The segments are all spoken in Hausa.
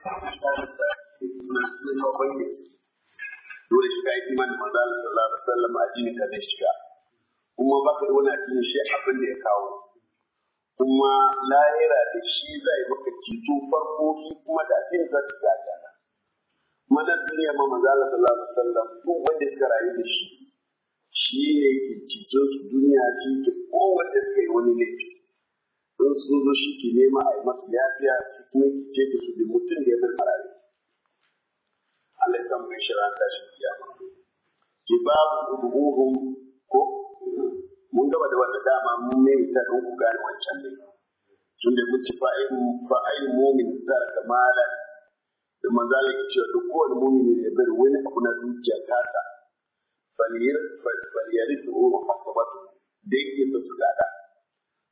dole shi shiga yi imanin manzo Allah sallallahu alaihi wasallam a jini ka zai shiga kuma ba da wani addini shi abin da ya kawo kuma lahira da shi zai maka ceto farko kuma da addini za ka gaja na mana duniya ma manzo Allah sallallahu alaihi wasallam duk wanda suka rayu da shi shi ne yake ceto duniya ce ta kowanne suka yi wani laifi in sun zo shi ke nema a yi masu lafiya su kuma ce da su da mutum da ya zama rayu Allah ya samu mai shira ta shi kiyama ce ba rubuhun ko mun gaba da wata dama mun nemi ta don ku gane wancan ne tun da mun ci fa'ayin mumin zar da malan da manzo Allah ya cewa duk kowane mumin ne ya bari wani abu na dukiya tasa faliyar faliyar su hasabatu dai ke su gada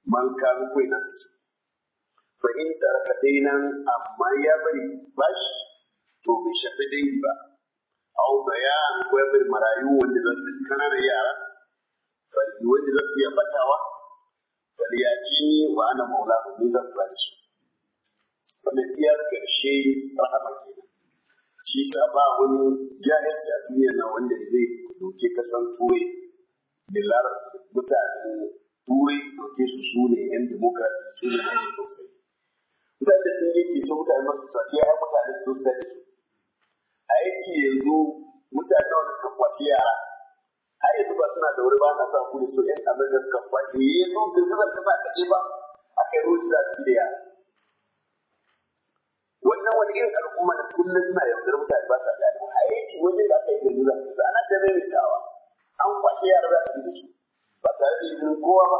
man kanu kai na suke fa in taraka dainan amma ya bari ba shi, to bai shafi dai ba aw bayan ko ya bari marayu wanda za su kanana yara fa wanda za su iya fatawa fa ya ci wa ana maula ni zan ba shi wanda iya karshe rahama kenan shi sa ba wani jahilci a duniya na wanda zai doke kasan turai da mutane turai dauke su su ne yan demokrasi su ne yan sosai mutane sun yi ce mutane masu sati ya mutane su sani a yi ce yanzu mutane wanda suka kwashe yara har yanzu ba suna da wuri ba na sa kuri so yan amurka suka kwashi yanzu girgizar kasa ta ba a kai ruwa za su da yara wannan wani irin al'umma da kullum suna yaudar mutane ba sa gane a yi ce wajen da aka yi girgizar kasa ana ta maimaitawa an kwashe yara za su da su ba tare da izinin kowa ba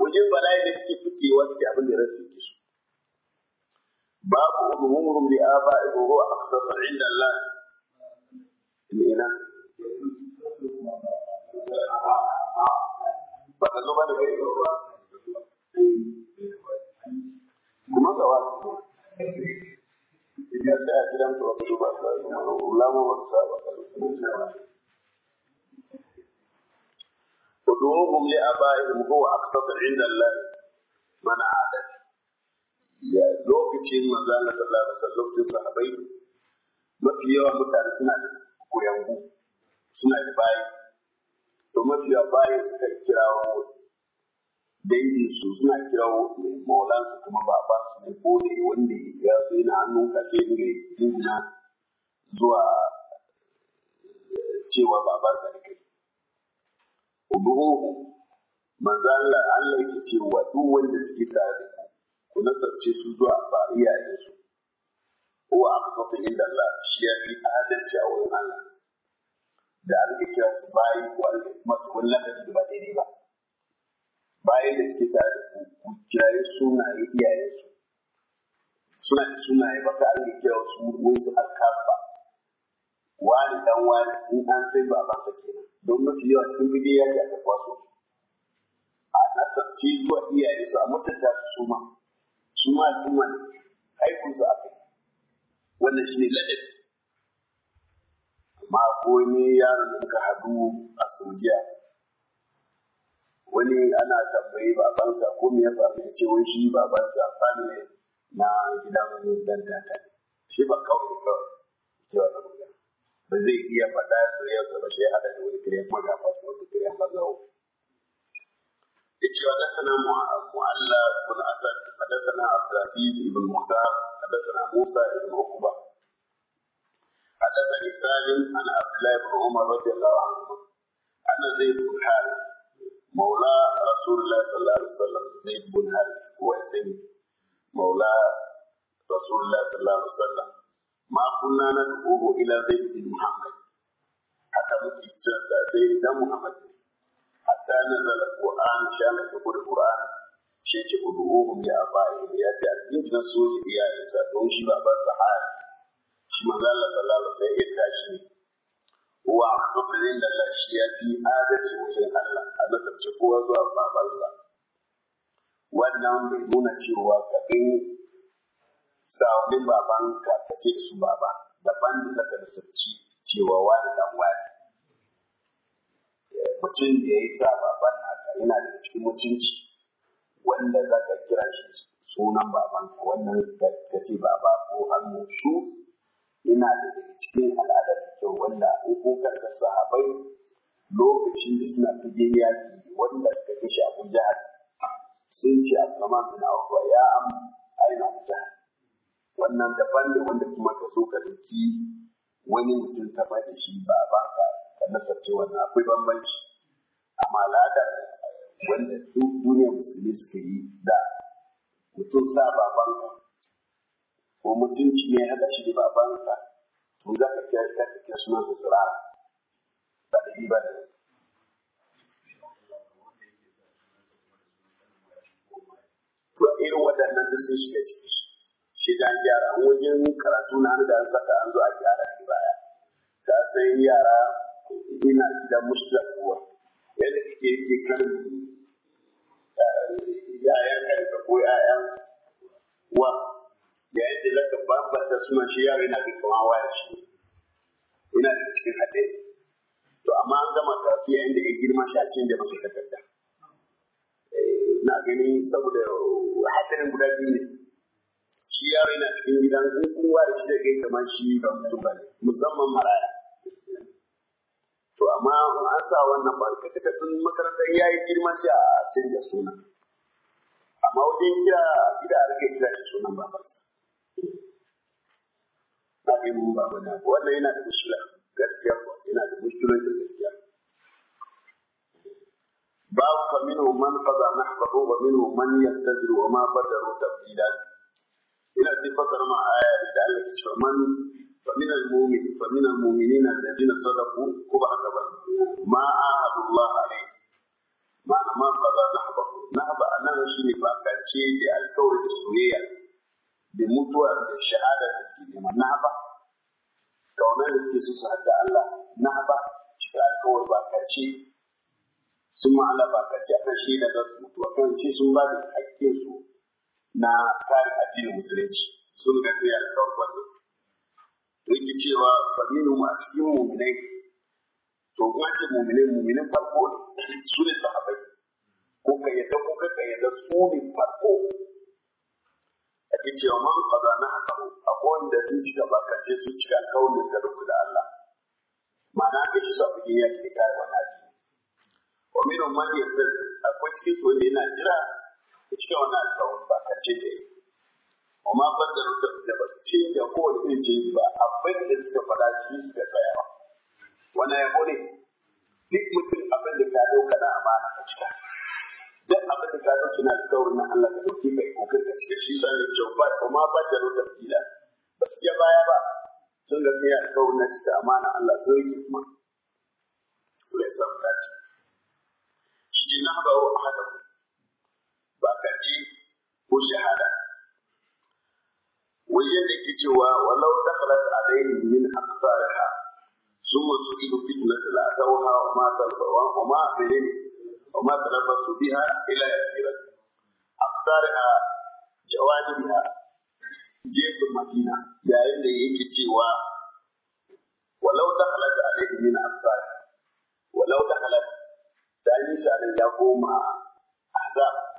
wajen bala'i da suke fitewa suke abin da rasu ke su babu umurum li aba'ihi huwa aqsatu 'inda Allah ina ba ta zo ba da kai kuma ga wani idan sai a gidan to ba su ba su ba su ba su ba su ba su ردوهم لآبائهم هو أقسط عند الله من عادت يا لوكتين من صلى الله عليه وسلم لوكتين صحابي mafi yawan mutane suna da kuyangu suna da to mafi yawan suka kirawo dangin su suna kirawo mai maulan su kuma baba su ne ko wanda ya zo na hannun kashe eh, ne jina zuwa cewa baba sa da kai kuduruhu manzo Allah Allah yake cewa duk wanda suke tare da ku nasarce su zuwa ba iyaye su wa aqsatu inda Allah shi ya fi adalci a wurin Allah da aka kira su bayi ko masu wallaka da ba daidai ba bayan da suke tare da ku ku kiraye sunaye iyaye su suna da sunaye ba ka aka kira su wai su alkafa wani dan wani in an sai babansa kenan don mafi yawa cikin bige ya ga takwa su a nasarci zuwa iyaye su a mutunta su su ma su ma al'umma ne haikun su aka wannan shine ladabi amma ko ne yaron da suka hadu a sojiya wani ana tambayi babansa ko me ya faru ce wai shi babansa family na gidan dantata shi ba kawai kawai ba zai iya faɗa zuriyarsa ba shi hada da wani kiriya kuma ga fasu wani kiriya ba zawo da cewa da sana mu'alla bin asad da sana abdulaziz ibn muhtar da sana musa ibn ukuba حدثني سالم عن عبد الله بن عمر رضي الله عنه أن زيد بن حارث مولى رسول الله صلى الله عليه وسلم زيد بن حارث هو اسم مولى رسول الله صلى الله عليه وسلم ma kunna na tuhu ila zaidin muhammad haka muke cin sa zaidan muhammad hatta nazala qur'an sha na sabu da qur'an shi ce uduhum ya da ya ce addinin na soji iyayensa don shi baban sa haris shi manzo Allah sallallahu alaihi wasallam ya tashi wa aqsatu lillahi shi ya fi adalci wajen Allah a nasarci kowa zuwa babansa wannan bai nuna cewa ka sawabin baban ka ka ce da su baba daban da zaka nasarci cewa wani dan wani eh, mutum da ya sa baban naka yana da cikin mutunci wanda zaka kira shi sunan baban ka wannan ka ce baba ko hannu su yana da daga cikin al'adar da kyau wanda kokar da sahabai lokacin da suna ya yaki wanda suka kashe abu jihar sun ce a zaman na wa ya amu aina jihar wannan daban da wanda kuma ka so ka zaki wani mutum ka ba da shi ba ba ka ka nasarce wannan akwai bambanci amma lada wanda duk duniyar musulmi suka yi da mutum sa babanka ko mutunci ne haɗa shi da babanka to za ka kiyar ka kiyar sunansa tsirara ba da ba da to irin waɗannan da sun shiga ciki shi da an gyara wajen karatu na an da an saka an zo a gyara shi baya Ta sai yara ina gida da kuwa yadda kike yake kan eh, yayan karka ko yayan wa yayin da babbar da suna shi yara yana da kama waya shi yana da cikin haɗe to amma an gama karatu yayin da ya girma shi a canja masa takarda eh, na ganin saboda haɗarin guda biyu ne shi yaro yana cikin gidan in kowa da shi da kai kamar shi ga mutum ba musamman maraya to amma an sa wannan ba ka taka tun makarantar yi girma shi a canja suna amma wajen kira gida a rike kira shi sunan babansa na bi mun ba wani abu wannan yana da mushkila gaskiya ko yana da da gaskiya باب fa من man qada nahbahu من minhu وما yantazir wa ina sai fasar ma aya da Allah ke cewa man فمن المؤمن فمن المؤمنين الذين صدقوا كبر كبر ما عاهد الله عليه ما ما قضى نحبه نحبه أنا شيء باكاتي دي الكوري دي سوريا دي متوى دي شهادة دي كلمة نحبه كونا نسكي سعادة الله نحبه شكرا الكوري باكاتي ثم على باكاتي أنا شيء لدى سمتوى كان شيء سمبادي حكي سوء na tsarin addinin musulunci sun ga tsaya da farkon yake cewa faminu a cikin muminai to wace muminai muminin farko ne su ne sahabai ko ka yadda ko ka ka yadda su ne farko ake cewa man kaza na a akwai wanda sun ka ce sun cika alkawarin da suka rubuta da Allah ma'ana ka shi su a yaki da kare wani addini wa minhum man yasir akwai cikin su wanda yana jira da cikin wannan alƙawari ba ka ce da yi amma baddalu da ba ce da kowane irin ce ba abin da suka faɗa shi suka tsaya ba Wani ya kone duk mutum abin da ka ɗauka na amana ka cika duk abin da ka ɗauki na alƙawarin na Allah ka ɗauki mai kokarin ka cika shi sanin kyau ba amma baddalu da fila ba su ya baya ba sun ga sai alƙawarin na cika amana Allah zai yi kuma. Allah ya samu dace. Shi ce na haɗa wa ahadamu bakati ko shahada wajen da ke cewa walau dakhalat alayhi min wasu summa su'ilu fitnat la tawha wa ma talbawa wa ma bihin wa ma talabbasu biya ila yasirat jawabin ya jefa madina yayin da yake cewa walau a alayhi min aqsariha walau ta da nisa da ya koma azab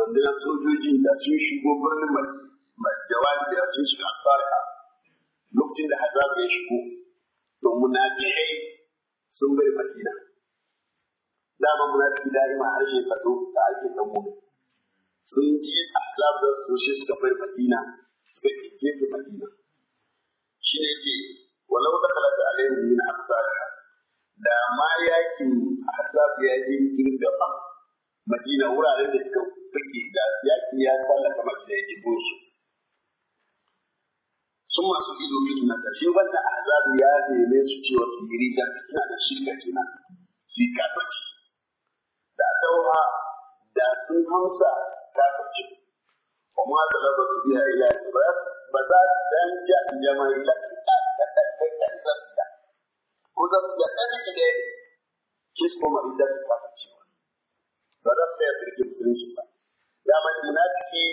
rundunar sojoji da sun shigo birnin jawabi da sun shiga albarka lokacin da hazab ya shigo don muna biyai sun bari matina dama fi da ma harshe fato da ake dan mu sun ji a da sun shi suka bari matina suka jefe matina shi ne ke walau da kalata alayhi min abdalha da ma yakin azab ya yi cikin gaba madina wuraren da suka suke da yaƙi ya tsallaka mace da yake su. sun masu ido fitina da shi wanda azabu ya neme su cewa su yi da fitina da shirka kenan su yi kafaci da taura da sun hamsa kafaci kuma da raba su biya ila su ba za su dan ja jama'a ila ta ta ta ta ta ta ta ko za su ga ɗan shi da yake kis kuma idan su kafaci ba za su sai sirkin sirkin ba daman munafiki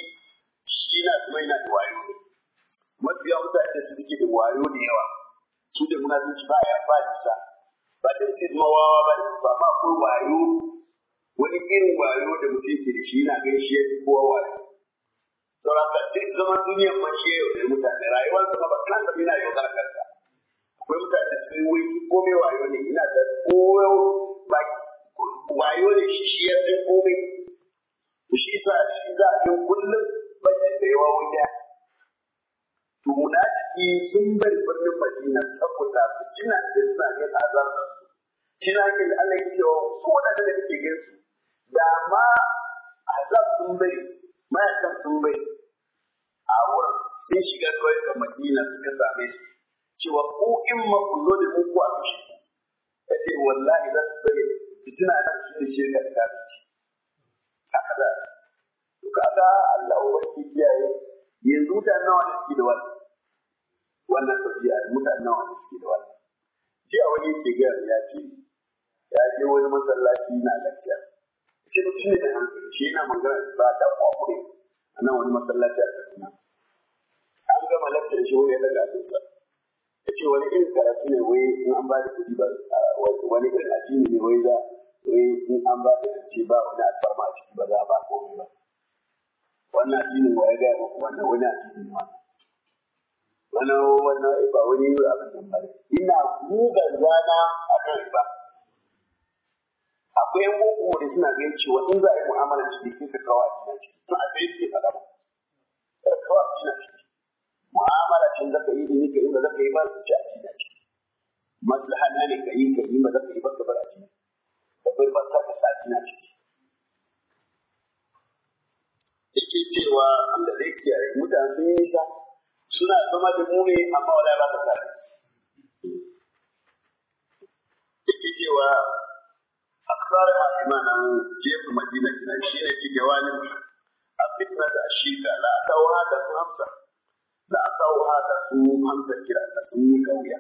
shi na zama yana da wayo ne mafiya mutane su suke da wayo da yawa su da munafiki ba ya ba nisa ba can ce zama wawa ba ba ba ko wayo wani irin wayo da mutum ke da shi yana ganin shi ya fi kowa wayo sauraka duk zaman duniyan ma shi yau da mutane rayuwar ta ba kan da yana yau zaka ka akwai mutane sun wai su komai wayo ne ina da koyo ba wayo ne shi shi ya fi komai shi sa shi za a yin kullum bayan tsayawa wuya to munafiki sun bar birnin Madina saboda fitina da suna yin azar da su kina ke da Allah ya cewa su wadanda da kike gaisu su da ma azab sun bari mayakan sun bari a wurin sun shiga kawai ga Madina suka same su cewa ko in ma ku zo da mu a a kashi ce wallahi za su bari fitina da shi ne shirka da kafirci a kaza to kaga Allah ubangiji kiyaye yanzu mutanen nawa ne suke da wannan wannan tafiya mutanen nawa ne suke da wannan jiya wani yake gaya ya ce ya je wani masallaci na lacca shi mutum ne da hankali shi yana magana ba da kwakwai a nan wani masallaci a kaduna an gama lacca shi wani ya daga abinsa ya ce wani irin karatu ne wai in an ba da kuɗi ba wani irin addini ne wai za wai eh, in an ba da ce ba wani alfarma a ciki ba za a ba komai ba wannan addinin wa ya gaya muku wannan wani addinin ma wannan wannan eh, ba wani yi abin nan ba ina buga zana a kan ba akwai yan boko da suna ganin cewa in za a yi mu'amala ciki sai ka kawo addinin ciki Kuma a sai suke faɗa ba ka kawo addinin ciki mu'amala cin zaka yi ne ka yi ba zaka yi ba ka ci addinin ciki maslaha ne ka yi ka yi ba zaka yi ba ka bar addinin da birban tabbata ina ciki yake cewa Allah zai kiyaye mutane sun yi nisa suna zama da mu amma wala ba ta tare yake cewa a aksar a imanan jefa madina kina shi ne cike wani, a fitna da ashirka da ta wa da su hamsa da ta wa da su hamsa kira da sun yi kauya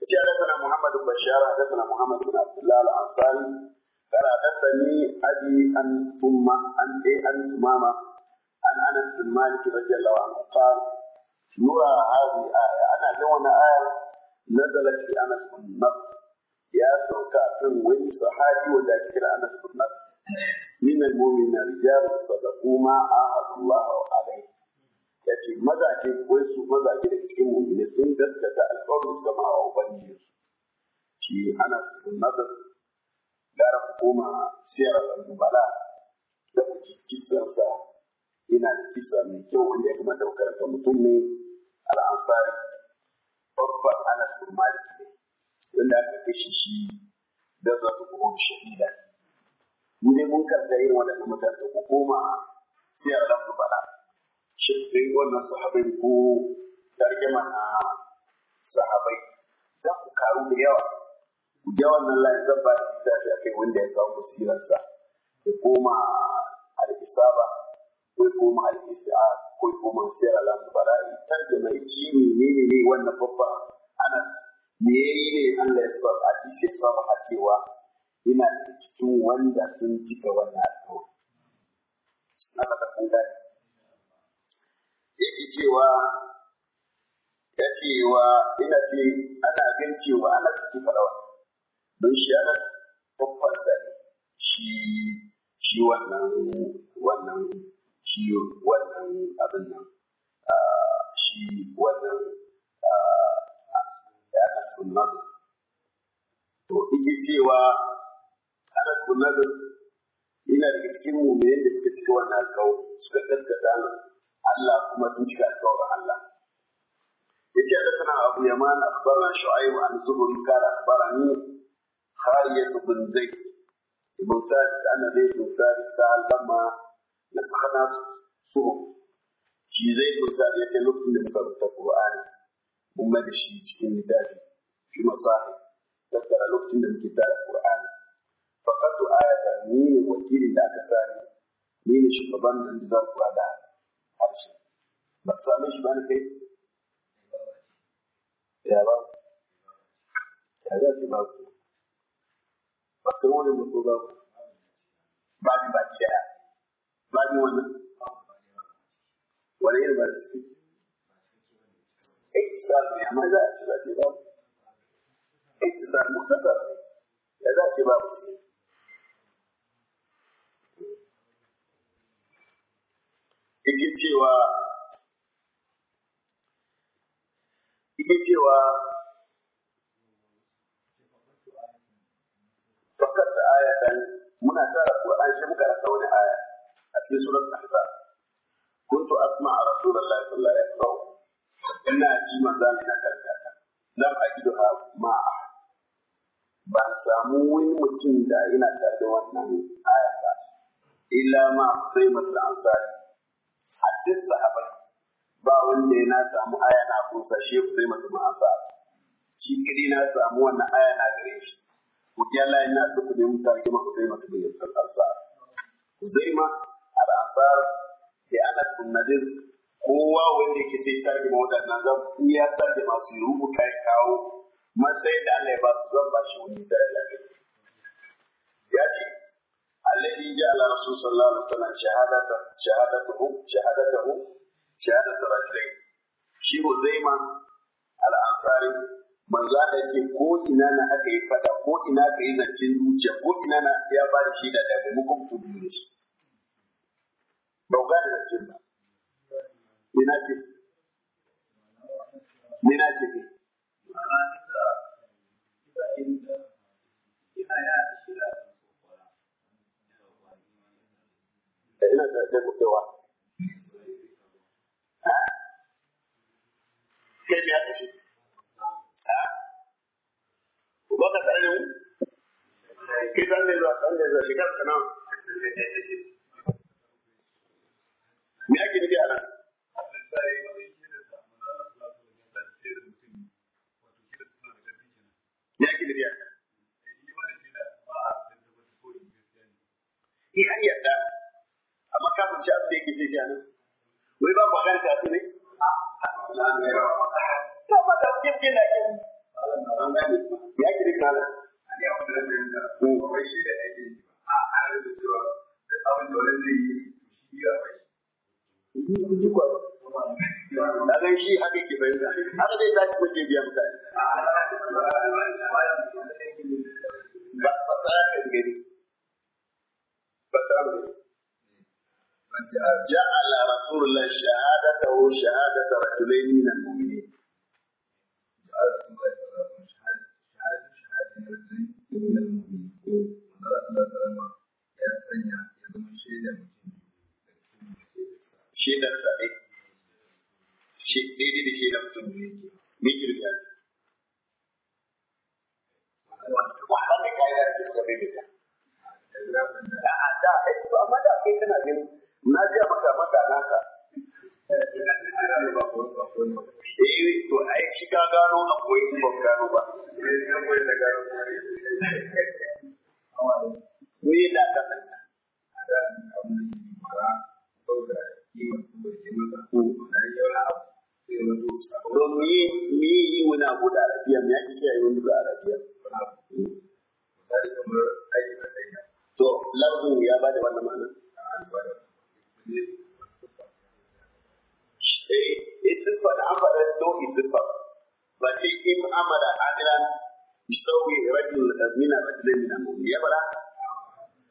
yace hadathana Muhammad bin Bashar hadathana Muhammad bin Abdullah al-Ansari قال حدثني ابي ان ثم ان ان امامه عن انس بن مالك رضي الله عنه قال نرى هذه الايه انا لون ايه نزلت في انس بن مالك يا سوكا كان وين صحابي ولا كده انس بن مالك من المؤمنين رجال صدقوا ما عاهدوا الله عليه ya ce mazaje wai su mazaje da cikin mummuni sun gaskata alƙawarin su ma wa ubangiji shi ana sun nazar gara hukuma siyar da bala da kuke kisansa ina da kisa mai kyau wanda ya kuma daukar ka mutum ne al'ansari babban anas bin malik ne wanda aka kashe shi da su kuma shahida mu ne mun karɓa irin waɗannan mutane ko koma siyar da bala Shin dai wannan sahabai ko tarjama na sahabai za ku karu da yawa ku ja wannan layin zan ba da ta kai wanda ya kawo sirarsa ya koma al-isaba ko ya koma al-isti'ar ko ya koma sirar al-bala'i tarjama kimi ne ne ne wannan babba Anas, me yayi ne Allah ya sa a cikin sabha cewa da cikin wanda sun cika wannan alƙawari Allah ka san yake cewa ya cewa ina ce ana gan cewa ana cikin farawa don shi ana babbansa ne shi shi wannan wannan shi wannan abin nan shi wannan Anas bin Nadir to yake cewa Anas bin Nadir ina daga cikin mu'minin da suka cika wannan alƙawari suka gaskata Allah kuma sun cika alƙawarin Allah yace hadathana abu yaman akhbarana shu'aib an zuhri qala akhbarani khalid bin zaid ibn thabit anna zaid bin thabit sa'al na sakana su. shi zai kusa da yake lokacin da muka rubuta Qur'ani mun mai da shi cikin littafi fi masahi tattara lokacin da muke tara Qur'ani faqatu ayatan ni ne wakili da aka sani ni ne shugaban da zan kula da harshe ba a same shi ba ne kai ya ba ya za su ba ku ba san wani mutu ba ku ba ni ba ki ɗaya ba ni wani wani yin ba ni ciki iktisar ne amma za a ci ba ce ba iktisar muktasar ne ya za a ce ba ku ciki yake cewa yake cewa fakar da aya dan muna tara an sai muka rasa wani aya a cikin surat Ahzab kuntu a rasulullahi sallallahu alaihi wasallam ina ji manzon na karkata lam ajiduha ma'a ba samu wani mutum da ina tare da wannan aya ba illa ma sai mutum ansari a duk ba wanda ya na samu aya na kusa shi ya sai mata ma asa shi kadi na samu wannan aya na gare shi ku ya la ina so ku nemi tarki ma sai mata bin yasar asa ma al-Ansar da Anas bin Nadir kowa wanda yake sai tarki ma wadannan zan iya tarki ma su rubuta ya kawo matsayin da Allah ya ba su zan ba shi wani da ya ce الذي جعل رسول صلى الله عليه وسلم شهادته شهادته شهادته شهادة رجلين شيء زيما الأنصاري من لا يجي كو إنا نا فتا كو إنا كي نجين دوجة كو إنا نا يا باري شي دا دا مكم تدونيش لو قال نجين ina zai gushewa kai ce ba ka tsare kai san zuwa san zuwa shekara ta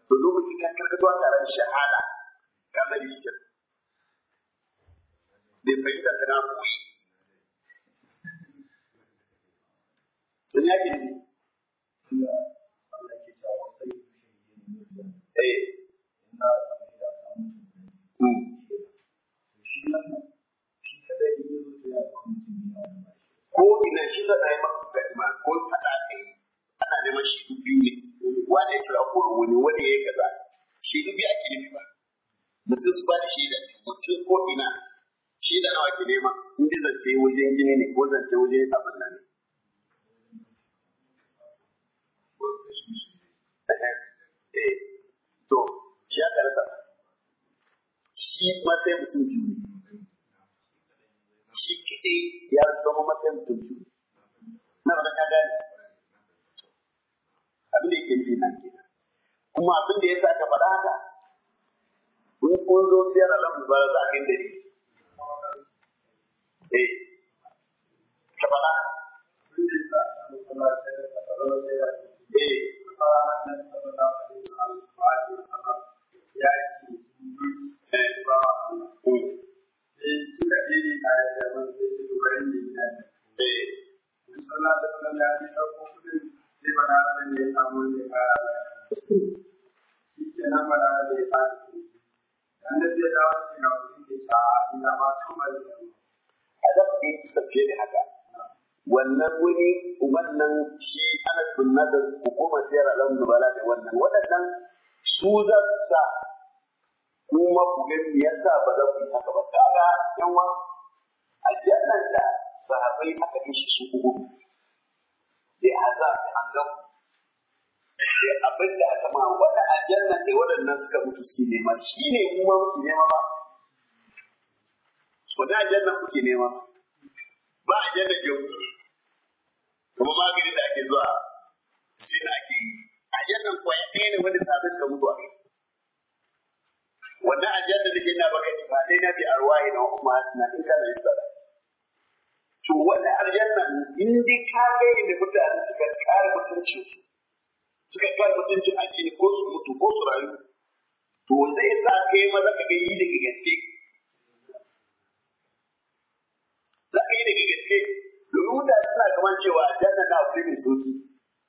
to lokacin ya karkatuwa tare da shahada ka zari shi bai fahimta ta na koyi sun yaƙi ne eh. hmm. ko ina shi sa na yi maka ko faɗa ka ana neman shaidu biyu ne wanda ya cira koro wani wanda ya yi kaza shaidu biyu ake nufi ba mutum su ba da shaida mutum ko ina shaida nawa ke nema in zance wajen gini ne ko zance wajen abin nan ne eh, to shi aka rasa shi ma sai mutum biyu shi kaɗai ya zama matsayin mutum biyu na ba ka gane abin da yake nufi nan kenan kuma abin da yasa ka faɗa haka kun kun zo siyar alam mubarak za a kin eh ka faɗa eh, eh. sai da da ya samu da zai dawo da haka wannan wani wannan shi ana sunnadar hukumar sayar alam dubala da wannan waɗannan su za su sa kuma ku ga yasa ba za ku yi haka ba kaga yan wa a jannan da sahabbai aka yi su uku sai azab da azab sai abin da aka ma wata aljanna ne waɗannan suka mutu suke nema shi ne kuma muke nema ba wata aljanna kuke nema ba janna ke ku kuma maganin da ake zuwa sin ake yi aljanna kwaya ɗaya ne wanda sabai suka mutu a kai wannan aljanna da shi na baka ba ɗaya na bi arwahi na hukuma na hasina in kana yin sada to wani aljanna in dai ka ga da mutane suka kare mutuncin suka kare mutuncin addini ko su mutu ko su rayu to wanda ya sa ka yi maza ka ga yi daga gaske za ka yi daga gaske domin mutane suna kaman cewa aljanna na abu mai sauki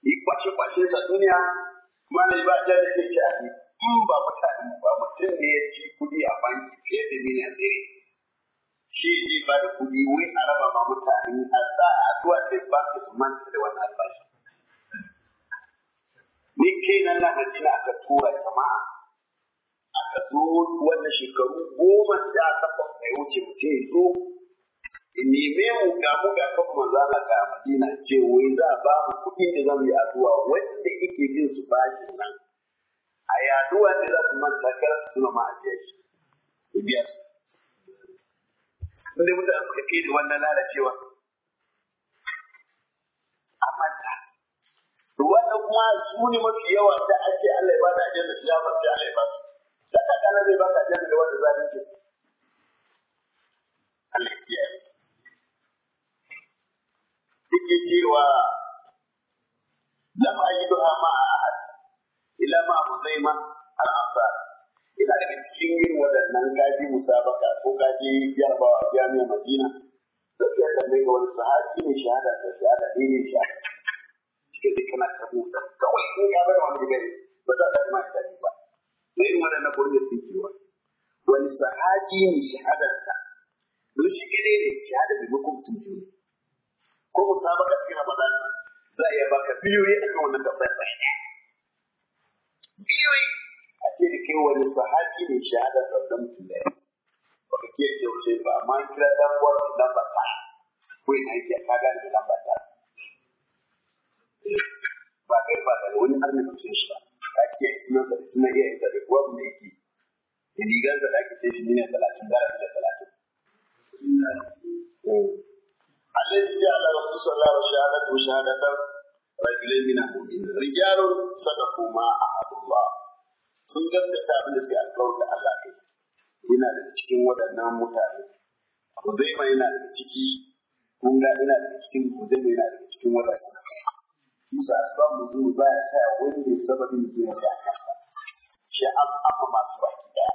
yi kwashe kwashe sa duniya kuma na ba aljanna sai ci a in ba mutane ba mutum ne ya ci kudi a banki fiye da miliyan ɗaya shi ne ba da kuɗi wai a raba ma mutane a sa a zuwa sai ba su su manta da wannan albashi. Ni ke nan na na aka tura jama'a aka zo wannan shekaru goma sha takwas da ya wuce mutum ya zo me mu ga mu ga kan manzana ga Madina ce wai za ba mu kuɗin da zamu yi addu'a wanda yake bin su bashin nan a yaduwa ne za su manta kar su tuna ma a biya su. inda mutane suka fi da wannan lalacewa a manta wannan kuma su ne mafi yawa da a ce Allah ya bada ajiyar da ya farce Allah ya ba su da ka zai baka ajiyar da wanda zalunci Allah ya kiyaye yake cewa lam ayiduha ma'a ahad ila ma huzaima al-ansari Ina daga cikin yin waɗannan gaji musabaka ko gaji yarbawa jami'ar madina da sai da mai ga wani sahabi ne shahada ta shahada ne ne shahada cikin da kana karbu ta kawai in ka bar wani gari ba za ta ma ta ba ne wani waɗannan gurbin sun wa. wani sahabi ne shahadarsa don shi gane ne shahada da makwabtun juna ko musabaka cikin ramadan za a iya baka biyoyi akan wannan tabbayar ɗaya biyoyi ce da kai wani sahabi ne shahada da wannan mutum da ya ba ke kyauce ba amma kira dan uwa da lamba ta ko ina yake ka gane da lamba ta ba kai ba da wani arni ba ce shi ba ka ke suna da suna iya da da kuwa mai ki da rigar da ake ce shi ne 30 dara da 30 الذي جعل الرسول صلى الله عليه وسلم شهادته شهادة رجلين من المؤمنين رجال صدقوا ما عهد الله sun gaskata abin da suke alƙawarin da Allah ya yana daga cikin waɗannan mutane zai Huzaima yana daga ciki kun ga yana daga cikin Huzaima yana daga cikin waɗannan shi sa asbab nuzul ba ya tsaya wani ne sababin zuwa da kansa shi an amma masu baki ɗaya?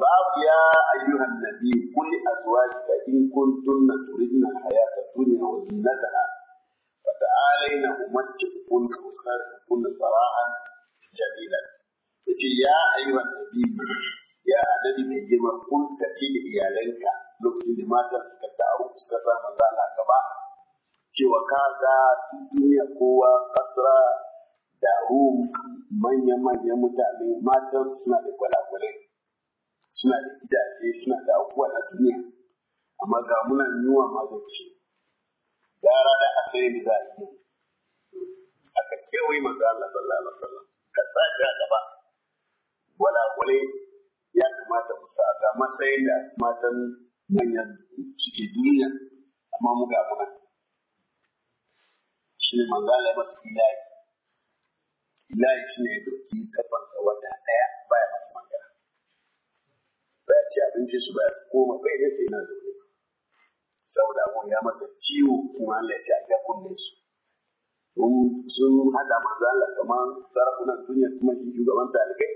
babu ya ayyuhan nabi kul azwajika in kuntunna turidna hayata dunya wa zinataha fata'alayna umatti'kunna wa sarfukunna sarahan jamilan ce ya ayyuhan nabi ya annabi mai girma kun ka ce da iyalanka lokacin da matan suka taru suka sa maza na gaba cewa kaga duniya kowa kasra da rum manyan manyan mutane matan suna da gwalagwalai suna da gidaje suna da abubuwa na duniya amma ga muna yiwa magance gara da aka yi za a yi aka kewaye maza Allah sallallahu alaihi wasallam ka sace a gaba gwalagwale ya kamata mu sa matsayin da matan manyan suke duniya amma mu ga muna shi ne manzala ya masa ilahi ilahi shi ne ya doki kafansa wata ɗaya baya masa magana baya ci abinci su baya koma bai da sai na zaune saboda abun ya masa ciwo kuma Allah ya ci a ga kunnen su sun hada manzala kamar sarakunan duniya kuma shi shugaban talibai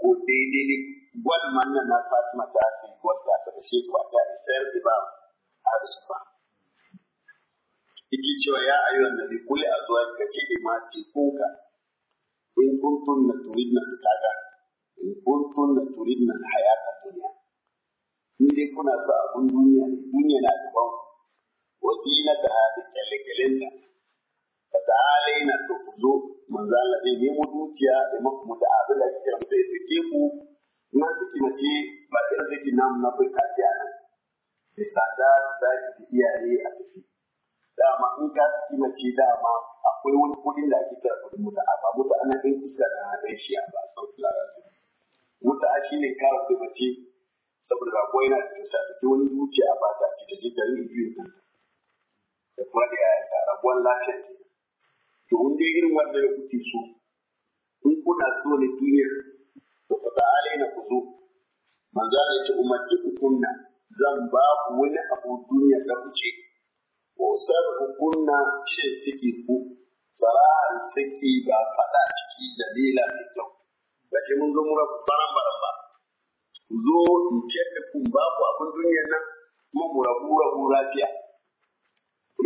ko daidai ne wannan nan na Fatima ta ce wanda ta da shi ko ba a rusufa ya ayyuhan nabi kulli azwajika ce da mati in kuntum na turidna kaga in kuntum na turidna hayata dunya in dai kuna so abun duniya duniya na gaban ku wa zinata da fata'alaina to ku zo manzo Allah zai nemo dukiya da muku da abin da kike mu sai sake ku na saki mace ba irin saki namu na bai kaji a nan sai sada da ki yi a Da ma in ka saki mace ma akwai wani kudin da ake kira kudin muta ba muta ana ɗan isa da ɗan shi a ba sau larabci muta shi ne kara kai mace saboda ba ko yana da kyauta da wani dukiya ba ta ci ta je garin biyu da kuma da ya rabuwan lafiya to kun dai irin wanda da kuke so kun kuna so ne duniyar to fa ta alaina ku zo manzo ya ce ummati ku kunna zan ba ku wani abu duniya da kuce ko sai ku kunna shi suke ku sara'an suke ba fada ciki da lela da kyau ba sai mun zo mu rabu baran baran ba ku zo in ce ku ba ku abin duniyar nan kuma mu rabu rabu lafiya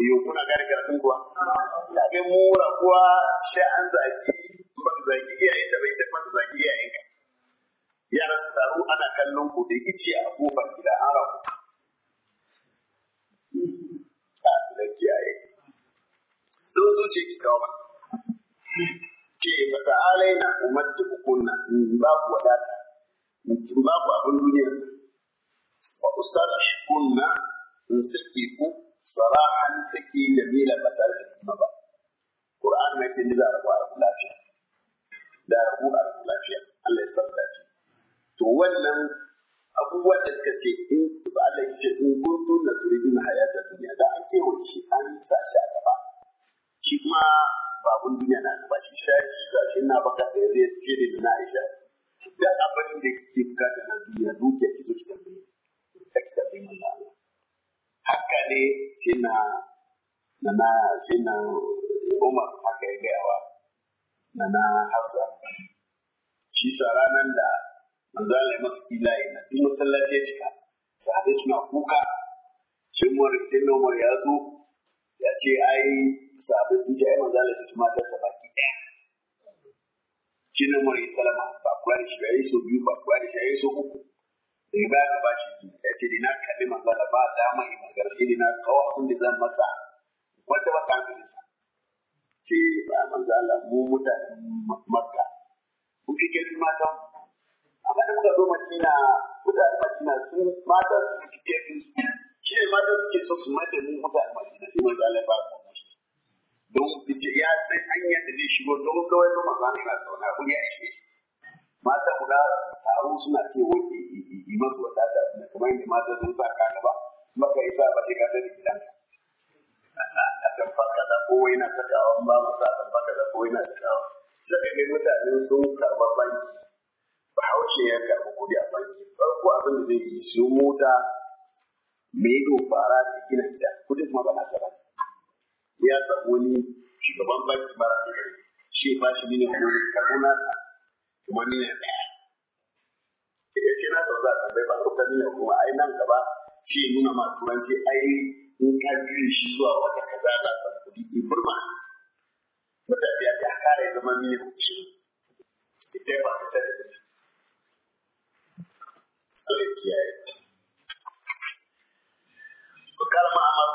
yau kuna gane karatun kuwa da ga mura rabuwa sai an zaki ba zaki iyayen da bai tafi zaki iyayen ka yara su taru ana kallon ku da ice a kofar gida an rabu a da kiyaye don zuce ki kawo ba ke ba ta alaina umar da hukunna in ba ku wadata in ba ku abin duniya wa usar kunna in sake ku sara'an take jamila ba tare da kuma ba Qur'an mai ce ni za a rabu a rabu lafiya da rabu a rabu lafiya Allah ya san lafiya to wannan abubuwan da suka ce in ba Allah ya ce in kuntu na turidin hayata duniya da an kewace an sa shi a gaba shi kuma babun duniya na gaba shi sha shi sa shi na baka da yadda ya ce da na Aisha da abin da kike bukata na duniya duk dukiya ki ta ki tambaye ki tambaye Allah haka ne shi na na shi umar haka ya gayawa na na hafsa shi sa ranar da manzo Allah ya masa ilahi na duk masallaci ya cika sahabbai suna kuka shi umar sai umar ya zo ya ce ai sahabbai sun ce ai manzo Allah ya tuma da baki daya shi na umar ya salama ba kuwa shi ya yi so biyu ba kuwa shi ya yi so uku sai ba ka bashi su ya ce dina kalli magana ba dama yi magana sai dina kawo abin da zan masa wanda ba ka hankali sa ce ba manzo Allah mu mutanen Makka mun kike su mata amma da muka zo Madina mutanen Madina su mata su kike su shi ne mata suke so su mai da mu mutanen Madina sai manzo Allah ba ku don fice ya san hanyar da zai shigo don kawai don manzo Allah na zauna kun ya ishe mata guda su taru suna ce wai yi masu wadata da kamar yadda mata sun sa ka gaba maka isa ba shi ka da gidan a tamfar kaza ko wai na sakawa ba mu sa tamfar da ko wai ta sakawa saka ne mutane sun karɓa banki bahaushe ya karɓi kuɗi a banki farko abin da zai yi siyo mota mai fara da gina gida kuɗin kuma ba na sara ya samu wani shugaban banki mara shi ba shi ne kuma kasuna kuma ni ne ɗaya ya ce na tauza a tambayi ba kuka nuna kuma ai nan gaba shi nuna ma turanci ai in ka juye shi zuwa wata kaza za ka kuɗi in burma wata biya sai a kara ya zama miliyan kuɗi ita ba ka sai da kuɗi. Allah kiyaye. Bakar ma'amar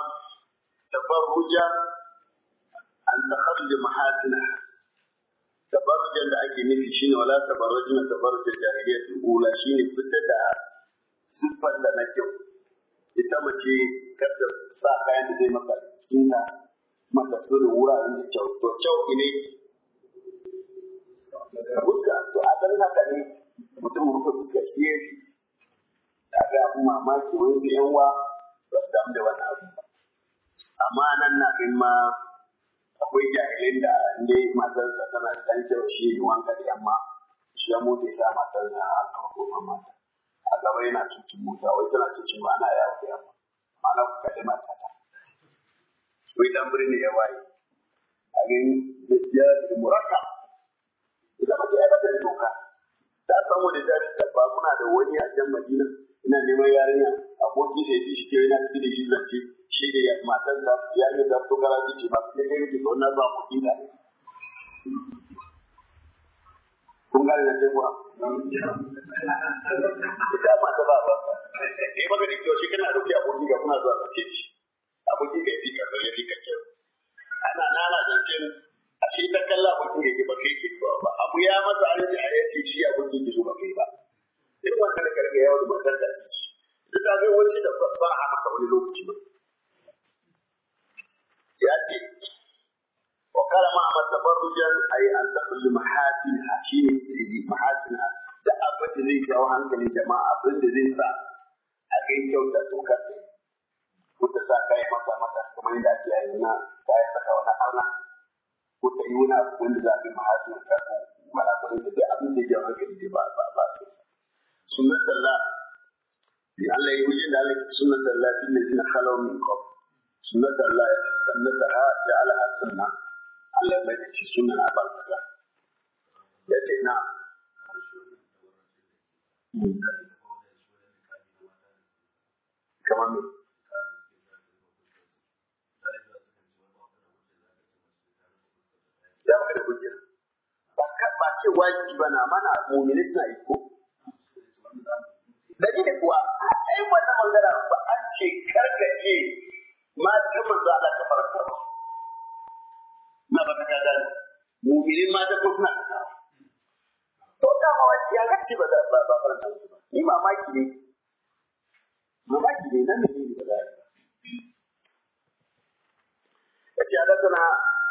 tabar hujja an da harbi mahasina tabarrujan da ake nufi shine wala tabarrujin jahiliya ta ula shine fitar da siffar da na kyau ita mace kada sa kayan da zai maka ina maka tsoro wuraren da kyau to kyau ne fuska to a dan haka ne mutum rufe fuska shi ya yi ga abu mamaki wani su yan wa ba su damu da wani abu amma nan na ma akwai jahilin da ne matarsa tana ɗan kyau shi wanka da yamma shi ya mutu sa matar na aka koma mata a gaba yana tutun mota wai tana cikin ma ana yawo da yamma ma'ana ku kaɗe mata ta wai dan birni ya waye a gani gaskiya da muraka ita mace ya bada doka ta samu da jari ba da wani a can ina neman yarinya abokin sai ji shi ke yana cikin da shi zance shi ne matan da ya yi da tukara ji ke ba sai kai ji wannan ba ku kina kun gane da ce kuwa ita ma ta ba ba kai maka da kyau shi kana rubuta abokin ga kuna zuwa ka ce shi abokin ga ya fi karfar ya fi hankalin jama'a abin da zai sa a kai kyauta tuka ko ta sa kai mata mata kamar yadda ake yi na kai saka wani arna ko ta yi wani abu wanda za a yi mahasin ka ko malakunan da duk abin da ya hankali da ba ba ba su sunnat Allah bi Allah ya wuce da Allah sunnat Allah fi ladina khalaw min qabl sunnat Allah ya da ha ja'ala sunna Allah mai da shi sunan abal kaza yace na kamar me ya baka da ba ba ce wajibi ba na mana mu'mini suna yi ko dalili kuwa a ai wannan magana ba an ce karkace ma ta manzo Allah ta farko na ba ta gane mu'minin mata ko suna sakawa to dama wani ya gaci ba za ba faranta shi ba ni mamaki ne mamaki ne nan ne ba za ya ce hadasana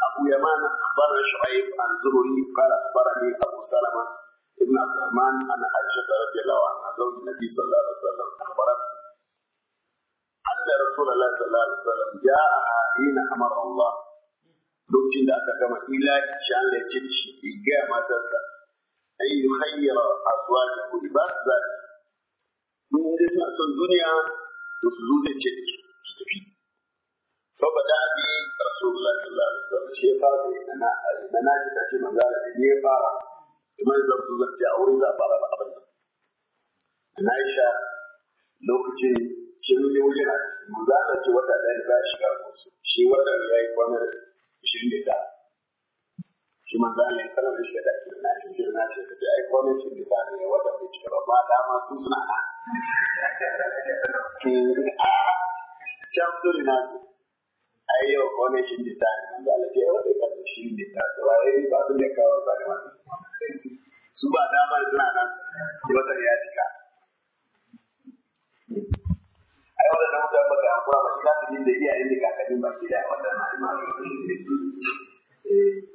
abu yaman akhbarana shu'aib an zuhri qala akhbarani abu salama ibn abd الرحمن عن عائشة رضي الله عنها زوج النبي صلى الله عليه وسلم أخبرت أن رسول الله صلى الله عليه وسلم جاءها حين أمر الله لو جند أتكما إلى شان لجنش إيجا ما تسأل an yi hayyar azuwa da kuri ba su zaɓi in dai suna son duniya to su zo zai ce su tafi fa ba da abi rasulullah sallallahu alaihi shi ya fara yana na naji da ce manzo da ne ya fara kuma ya zaɓi zuwa ta aure za a wurin ba abin nan Aisha lokacin kin je wajen shi yi shi manzo Allah ya sanar da shi da ake na ce na ce ka ce ai kwamitin da ba ne wanda bai cika ba ba dama su suna na ah, shamdul na ai yau kwamitin da ta ne manzo Allah ce wanda ya shi ne ta su ba yayi ba abin da kawo ba da su ba dama suna nan su wata ya cika ai wanda da mutane baka hakura ba shi za su da iyayen da kakannin baki da wannan ma'ana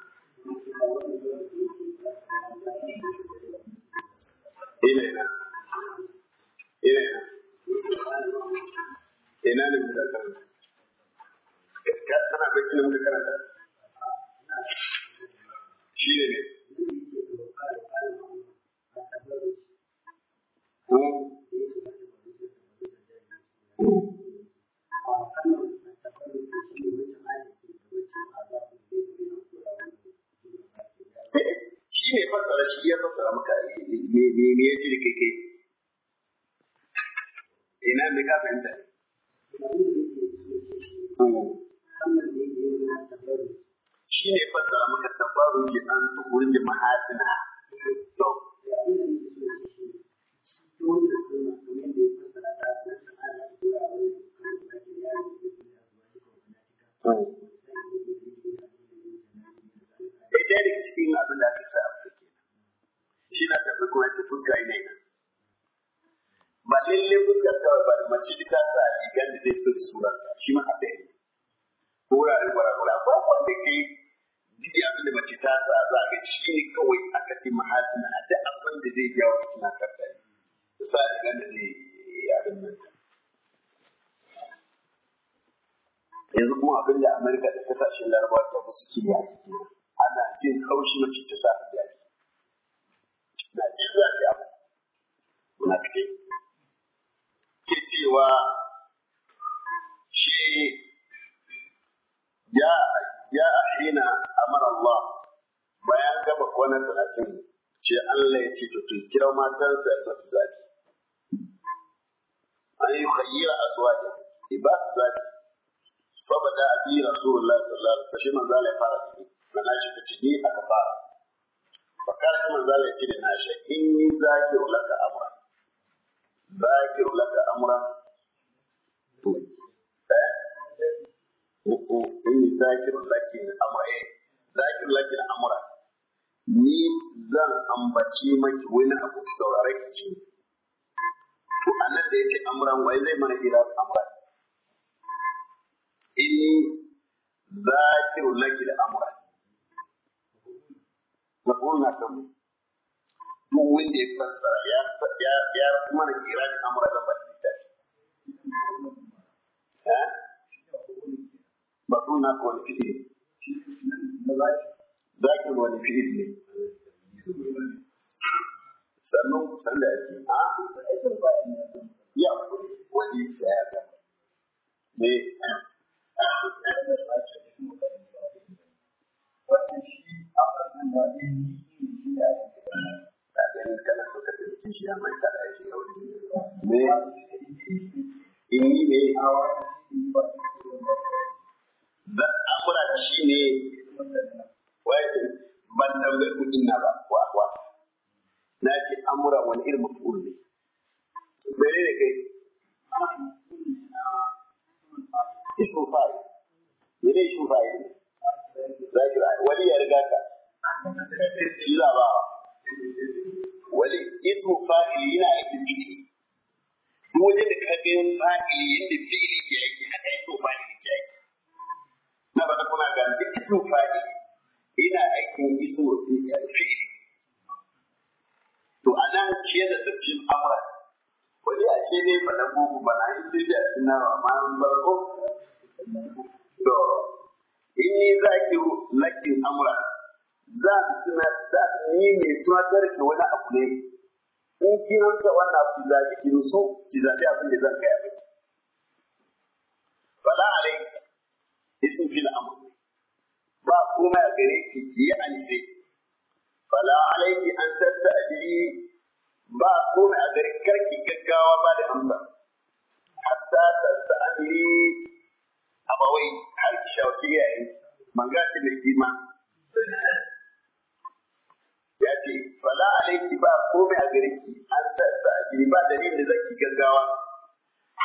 ina ina ina ina ne mu daga gaskiya tana da muka shi ne Thank hmm. you. shi ne fassara shi ya fassara maka me me ya ji da kake ina me ka fahimta shi ne fassara maka tabarun ji an tukurin ji mahajina to Oh. ɗaya daga cikin abin da aka sa a fita ke shi na tafi kuma ce fuska ina ina ba lalle fuskar kawai ba da mace ta sa rigar da zai fito su surar shi ma haɗe ne ko wuraren gwaragwara ba wanda ke jiki abin da mace ta sa za ka shi ne kawai aka ce mahasina da abin da zai jawo fitina karkari da sa rigar da zai yi abin nan ta yanzu kuma abin da amurka da kasashen larabawa da suke yaki kenan ana jin haushi wacce ta sa hijabi na jin zafi abu muna kai ke cewa shi ya ya ahina amara Allah bayan gaba kwanan talatin ce Allah ya ce to tun kira matansa ya masu zafi an yi khayyira a zuwa da ba su zafi saboda abi rasulullah sallallahu alaihi wasallam shi manzo Allah ya fara na shi ta ciki aka fara fakar shi manzo Allah ya ce da Aisha inni zakiru laka amra zakiru laka amra to uku eh? in za inni zakiru laki amra eh zakiru laki amura. ni zan ambace maki wani abu saurare ki to anan da yace amura wai zai mana amura. ira za ki zakiru laki amura. mafhum na kan duk wanda ya fassara ya ya mana kira da amura da ba ta ha mafhum na kan fi'il zakin wani fi'il ne sannan sanda ake ha, ya wani ya ga ne wannan shi amurkan da ake yi shi ne a cikin da ganin kana so ka tafi shi a mai tara shi da wani ne in yi ne awa da amura shi ne wajen ban daure kuɗin na ba wa na ce amura wani irin mafi'ul ne mene ne kai ismu fa'il mene ismu fa'il ne wali ya riga ka shi za ba wali ismu fa'ili yana aiki fi'ili duk wajen da ka ga fa'ili yadda fi'ili ke aiki haka ismu fa'ili ke aiki na ba ta ga duk ismu fa'ili yana aikin ismu fi'ili to anan shi da sabbin amra wani a ce dai faɗa boko ba na yi jirgi a cikin nawa barko to inni zakiru lakin amra za tuna za ni mai tunatar da wani abu ne in ki hansa wannan abu ki zabi ki nusu ki zabi abin da zan gaya miki fala alai ism fil amr ba kuma a gare ki ki yi alse fala alaiki an tadda ajiri ba kuma a gare karki gaggawa ba da amsa hatta tadda ajiri abawai alkishawci yayi mangaci mai kima ya ce fala alaiki ba komai a gare ki an ta sa ajiri ba dalilin da zaki gaggawa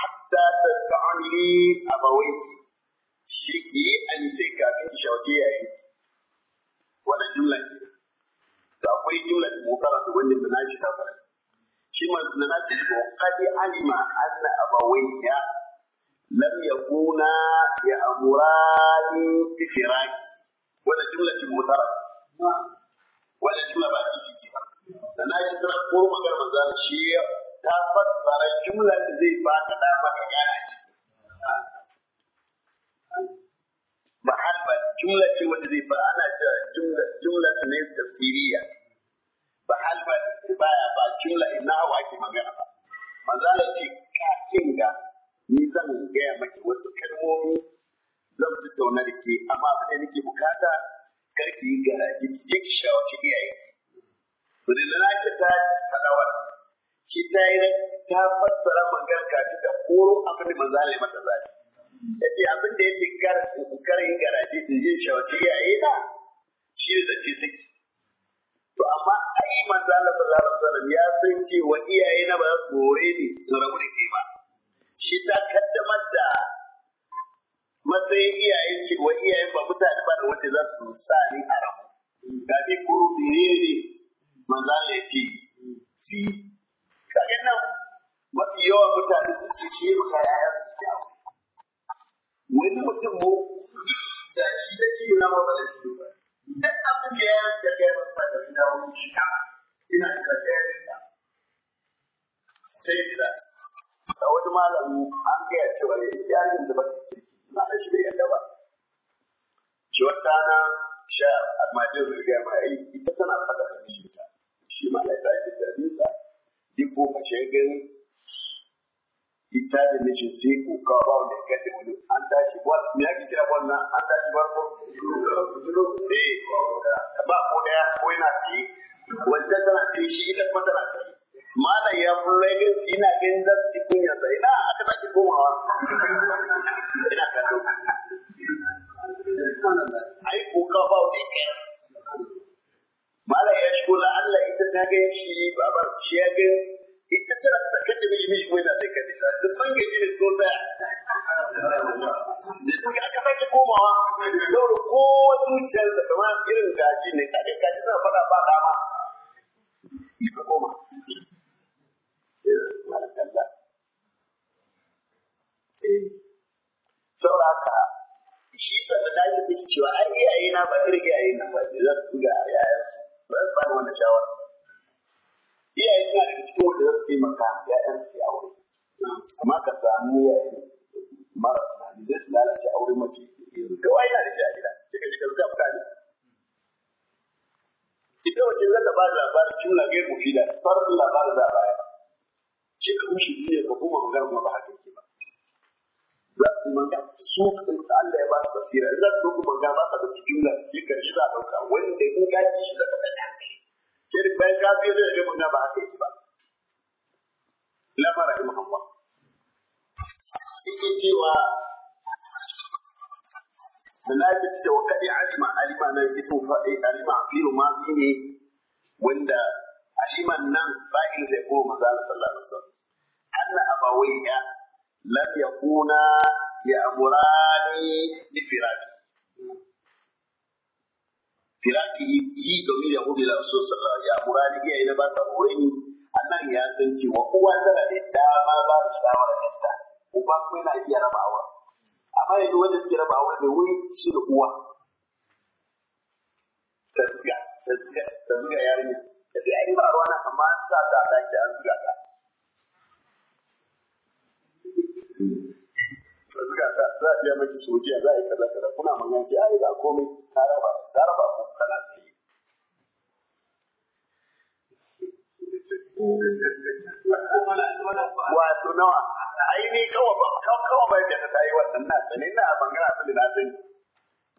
hatta ta ta'amili abawai shi ki yi anisai kafin shawci yayi wannan jumla ke da akwai jumla da mutara da wanda da nashi ta fara shi ma da nashi ko kadi alima anna abawai ya lam yakuna ya amurani bi firaki wala jumla ce mutara wala jumla ba ci ci ba da na shi da shi ta fassara jumla da zai ba ka da ba ka gane ci jumla ce wanda zai ba jumla jumla ba ba jumla ina magana ba ni zan gaya maki wasu kalmomi zan tattauna da ke amma abin da nake bukata kar ga yi garaji ciki je ki shawarci na ce ta yi wannan shi ta yi ta fassara mangar kafin da koro abin da manzo mata zai ya ce abin da ya ce kar kar yi garaji in je shawarci iyaye na shi da ce saki to amma ai manzo Allah sallallahu alaihi wasallam ya san cewa iyaye na ba za su gore ni to rabu da ke ba shi ta kaddamar da matsayin iyaye cewa iyayen ba mutane ba da wanda za su sa ni a rabu ga bi kuro menene manzala ya ce si kaga nan mafi yawan mutane sun ci ke ba yaya su ci abu wani mutum mu da shi ta ci na ba da shi ba duk abin da ya da ya ba da shi wani shi ina da ya sai da da wani malami an gaya cewa ne iyalin da ba ta kirki na da shi bai yadda ba shi wata na sha almajin riga ma yi ita tana fada da mijinta shi ma ya ta da nisa duk ko ka shagar ita da mijin sai ko ka ba wanda ka da wani an tashi ba me yake kira wannan an tashi barko eh ba ko daya ko yana ci wancan tana ci shi ita kuma tana ci mana ya fulla yin ina ganin za su ci kunya sa ina aka saki komawa ina kallo ai ko ka ba wani ke mala ya shigo la Allah ita ta ga shi baba shi ya ga ita tana da kanta miji miji kuma yana da kanta sa duk sun gaji ne sosai da suka aka sake komawa saboda kowa sa kamar irin gaji ne ka ga gaji na fada ba dama Thank koma saura ka shi sannan na shi take cewa ai iyaye na ba rage iyaye na ba da zan buga yayan su ba ba da wani shawara iyaye suna daga cikin wanda za su taimaka yayan su ya aure amma ka samu iyaye mara tunani zai su lalace aure mace kawai na da shi a gida sai ka ji ka zuga mutane ita wace zata da ba da labarin jumla gaibu ida farkon labarin da baya ka shi ne ka kuma magana ma ba haka yake ba za su manga su Allah ya ba su basira za su kuma manga ba su da jumla shi ka shi za a dauka wanda in ka ji shi za ka da hankali sai da bayan ka biyo sai da manga ba haka yake ba lamara imamu yake cewa munajat ce wa kadi alima alima nan ismu fa'i alima fi'lu ma ne wanda aliman nan fa'il zai koma manzo Allah sallallahu alaihi wasallam أن أبويه لم يكونا يأمران بفراقه firaki ji domin ya hudu da su saka ya kura ni iyaye na ba ta horeni a nan ya san cewa uwa tana da dama ba da shawara da ta uba kuma yana iya raba awa amma yanzu wanda suke raba awa ne wuri shi da uwa ta zuga ta zuga ta zuga yarinya ta zuga ba ruwa na amma an sa ta a daki an zuga ta suka ta za a biya maki sojiya za a yi kaza kaza kuna magana ce ai ba komai ka raba ka raba ku kana ci wasu nawa aini kawa ba kawa ba ta yi wannan na sani na bangaren abin da na sani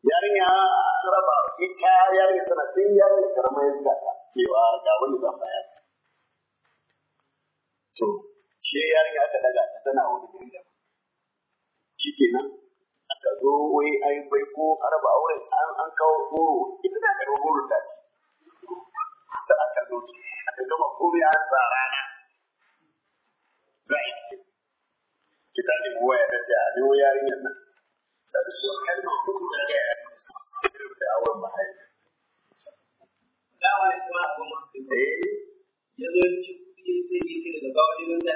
yarinya raba ita yarinya tana sai yarinya karamar yadda cewa ga wani zan bayar to She yarinya aka daga ta tana wani gari da shi kenan aka zo wai ai bai ko araba auren an an kawo goro ita da karɓar goro ta ci ta aka zo aka gama komai an sa rana za a yi kita ne waya da ta ne yarinyar nan sai su kalma uku da ga da auren mahaifi dawa ne kuma kuma eh yanzu ya ce kuɗi sai ya ce daga wani wanda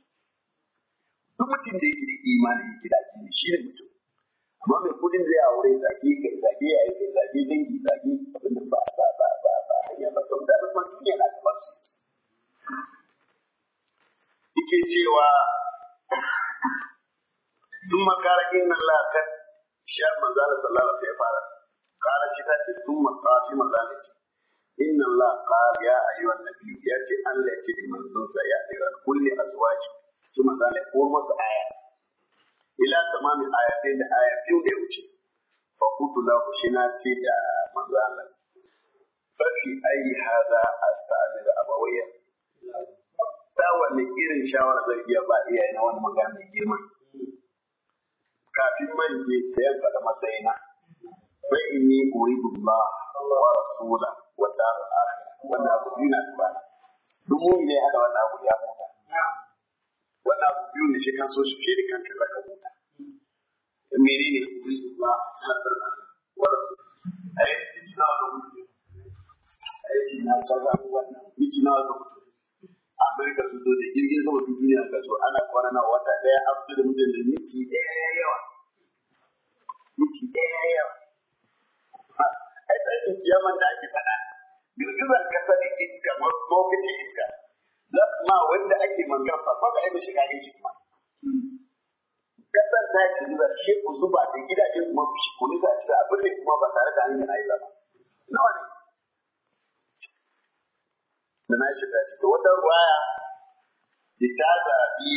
duk mutum da yake da imani yake da addini shi ne mutum amma mai kudin zai aure zage kai zage ya yi zage dangi zage abin da ba ba ba ba ba hanya ba sau da ma duniya na gaba su yake cewa tun makara inna Allah kan sha manzala sallallahu alaihi wasallam fara kara shi ta ce tun makara shi manzala ce inna Allah qala ya ayyuhan nabiy ya ce Allah ya ce manzon sa ya ayyuhan kulli azwaji su manzo ko masu aya ila tamamin ayatin da aya biyu da wuce fa kutu la ku shina ce da manzo Allah fa fi ayi hada asta'mir abawayya ta wanne irin shawara zai iya ba iyaye na wani magana mai girma kafin man je sayan faɗa matsayina fa inni uridu Allah wa rasula wa dar al-akhir wannan abu yana tuba duk mu'mini ya wannan abu ya mutu wannan abu biyu ne sai ka so su fiye da kanka za ka huta mene ne ba na sarrafa wadda a yi su na wata mutu a yi ci na ta zaɓi wannan miki na wata mutu amurka sun zo da jirgin sama duk duniya ka so ana kwana na wata ɗaya a fi da mutum da miki ɗaya yawa miki ɗaya yawa ai tashin kiyaman da ake faɗa girgizar kasa da iska lokacin iska za ma wanda ake mangarsa ba za a ai mishi kayan shi kuma. Kasar ta yi da shi ku zuba da gidajen kuma ku shi kunisa a cikin abin da kuma ba tare da hanyar aila ba. Nawa ne? Da na shiga cikin wata ruwaya da ta zaɓi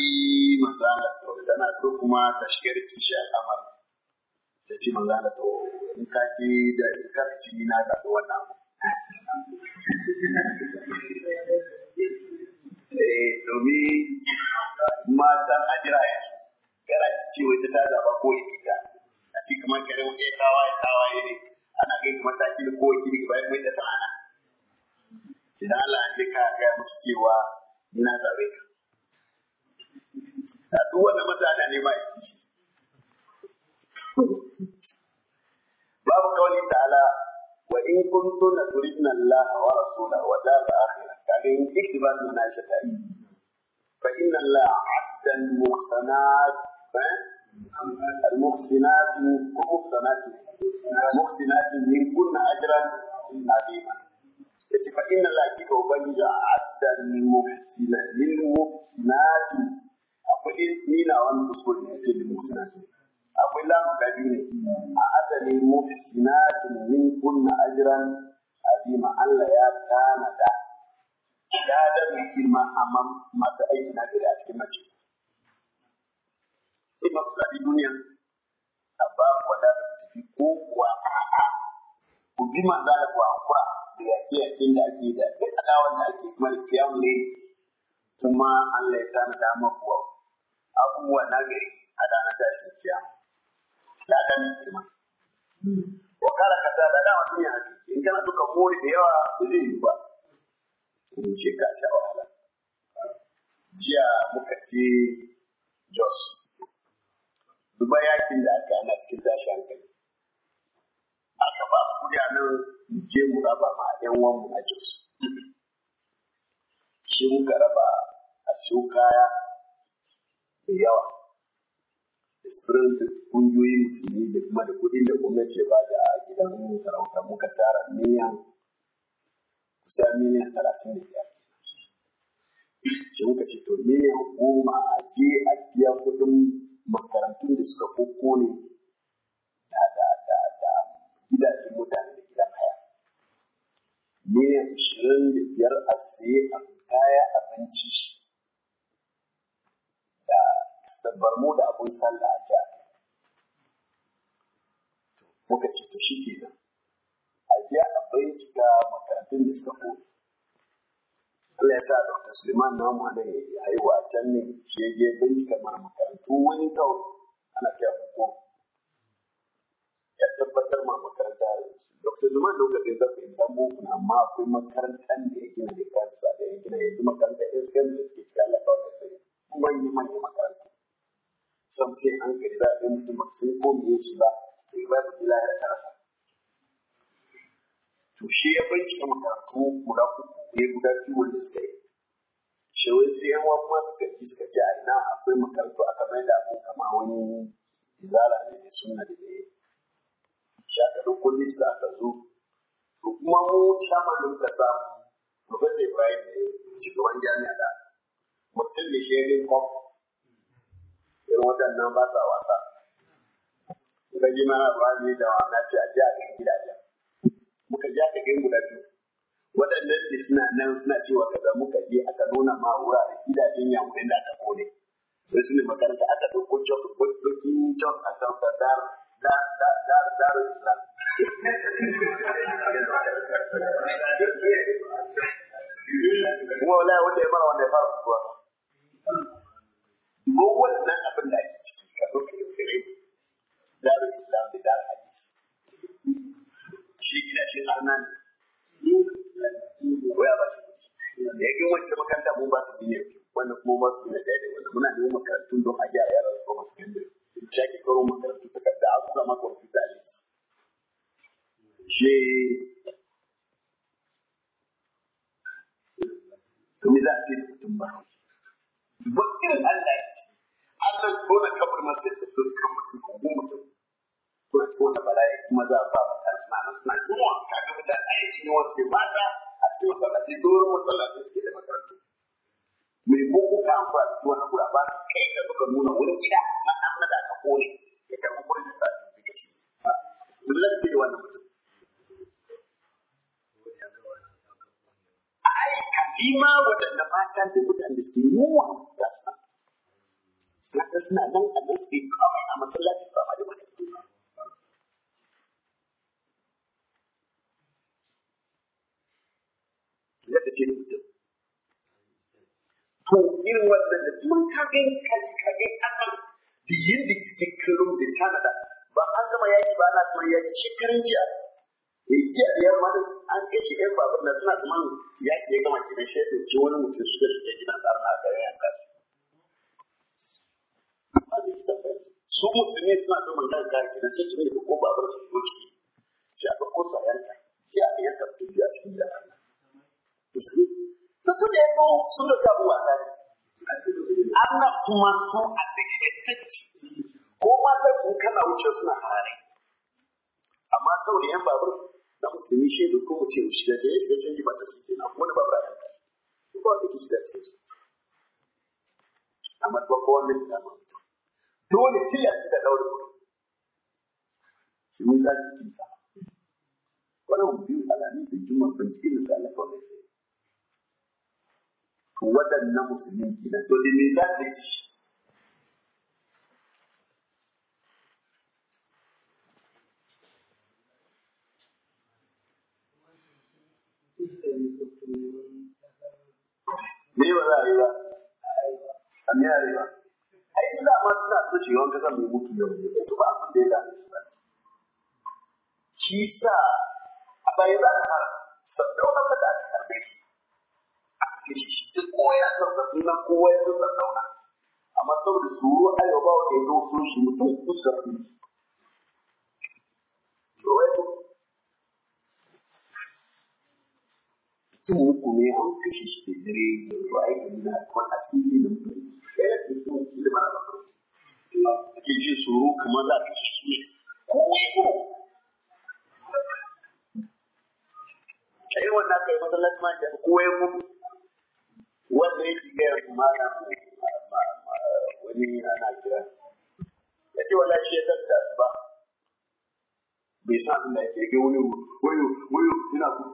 manzana to tana so kuma ta shigar kishi al'amar. Ta ce manzana to in ka ki da in ka ci na zaɓi wannan Eh, domin matan a jira yanzu gara ta ce wata ta zaba ko ikita a ci kamar kare wani tawaye tawaye ne ana kai kamar ta kila ko ikita ga bayan da ta'ana sai da Allah ka ga musu cewa ina zabe ka duk wanda babu kawai ta'ala wa in kuntunna turidna Allah wa rasulahu wa dar akhir بعدين اكتبات المناسبة فإن الله عد المحصنات المحصنات المحصنات المحصنات من كن أجرا عظيما فإن الله كيف أبنج عد المحصنات للمحصنات أقول نينا وأن أقول للمحصنات أقول لهم كبير عد المحصنات من كن أجرا عظيما الله يا كان ده ladar mai girma amma masu aiki na gari a cikin mace. Imam Sabi duniya a ba ku wada da tafi ko kuwa a'a ku bi manza da ku hakura da yaƙe yaƙen da ake da duk alawan da ake kuma da kiyamu ne kuma Allah ya tana dama kuwa abubuwa na gari a ranar tashin kiyamu. Ladar mai girma. Wakala kasa da dama duniya in kana duka mori da yawa zai yi ba. ce ka sha wahala jiya muka ce jos duba yakin da aka ana cikin tashi hankali aka ba mu kuri nan je mu raba ma yan uwan mu a jos shi muka raba a siyo kaya da yawa da spirin da kungiyoyin musulmi da kuma da kudin da gwamnati ba da gidan sarauta muka tara miliyan kusan miliyan talatin da biyar shi muka ce to miliyan goma a je a biya kuɗin makarantun da suka kokkone da da da da gidajen mutane da gidan haya miliyan ashirin da biyar a saye a kaya abinci da mu da abun sallah a jihar muka ce to shi kenan a biya bincika makarantun da suka ko Allah ya sa Dr. Suleiman na mu nan ya haihuwa can ne shi ya je bincika mana makarantu wani kawai ana kai fito ya tabbatar ma makaranta Dr. Suleiman lokacin zafi dan boko na amma akwai makarantar da ya gina da kansa da ya gina yanzu makarantar SKM da suke cikin Allah kawai sai manyan manyan makarantu. Samce an kai zaɓe mutum sai ko mu yi shi ba, sai ba ku ji lahira ta to shi ya bincika makarantu guda uku ne guda biyu wanda suka yi shi wai sai yan wani ma suka ji suka ce a ina akwai makarantu aka mai da abin kama wani izala ne da suna da ne shakarun kullis suka aka zo to kuma mu chairman din kasa Professor Ibrahim ne shugaban jami'a da mutum da shirin kwam irin waɗannan ba sa wasa. Ga jimana Ibrahim ya da na ce a ji a gidaje muka ja ka gani guda biyu waɗannan da suna nan suna cewa kaza muka je aka nuna ma wurare gidajen yamurin da aka kone sai su ne makaranta aka ɗauko jok ɗauki jok a kan da, dar dar dar dar islam wala wanda ya fara wanda ya fara kuwa ko wannan abin da ake ciki ka zo ka yaudare darul islam da darul hadis shi ina cikin arnan koya ba su da yake wacce makaranta mu ba su biyan wannan kuma ba su biyan da yadda wannan muna neman makarantun don a gyara yaran su kuma su biyan da shaki karo makarantu ta kadda a kuma maka computer list shi tumi za a ce da mutum ba ba irin Allah ya ce Allah ko na kabar masu da sun kan mutum ko mutum sun tona bala'i kuma za a ba mutane suna nan suna yunwa kaga mutane aikin yawan su mata a cikin masallaci doron masallaci suke da makarantu mai boko ka an fara cikin wannan gura ba kai da suka nuna wurin gida na kuma da sa su ke ci zullan ce wannan mutum ai kalima wadanda mata da mutane suke yunwa ga suna suna nan a nan suke kawai a masallaci ba ma da mutane ya ta ce mutum to irin wannan da tun ka gani ka ji ka ga kasan da yadda suke karo da Canada ba an gama yaki ba ana tsaman yaki shekarun jiya da eh, jiya da yamma ne an kashe yan babur na suna tsaman yaki ya gama kenan shi ya ɗauki wani mutum suka shiga gidan tsarin a gare yanka su musulmi suna da mandan gari kenan sai su ne da ko babur su shigo ciki sai a ɗauko su yanka to tun da ya so sun dauki abu wasa ne Allah kuma so a daidaitacce ko mata sun kana wuce suna harare amma sau da yan babur na musulmi shi da ko ce shi da ya shiga canji ba ta shi kenan wani babura da ta ko ba ta shiga canji amma ba ko wannan da ba dole tilas da daure mutum shi mun san wannan biyu alamin da juma bincike cikin da Allah kawai to waɗannan musulmi kenan to da me za ta ci me ba za a yi ba a me a yi ba ai su dama suna so shi kasar mai mutu yau ne su ba abin da ya dame su ba shi sa a bayan za fara sau da wani da shi kishi duk kowa ya san sabbi na kowa ya san amma saboda tsoro ayo ba wanda ya zo shi mutum kusa uku ne an shi da dare da zuwa na kwan a cikin ilimin mutum da da ake ji tsoro kamar za a kashe shi ne a na kai masallaci kowa ya mutu wanda yake gaya mu mana wani ana kira ya ce wala shi ya tashi da ba. bai sa abin da ya ke wani wayo wayo yana ku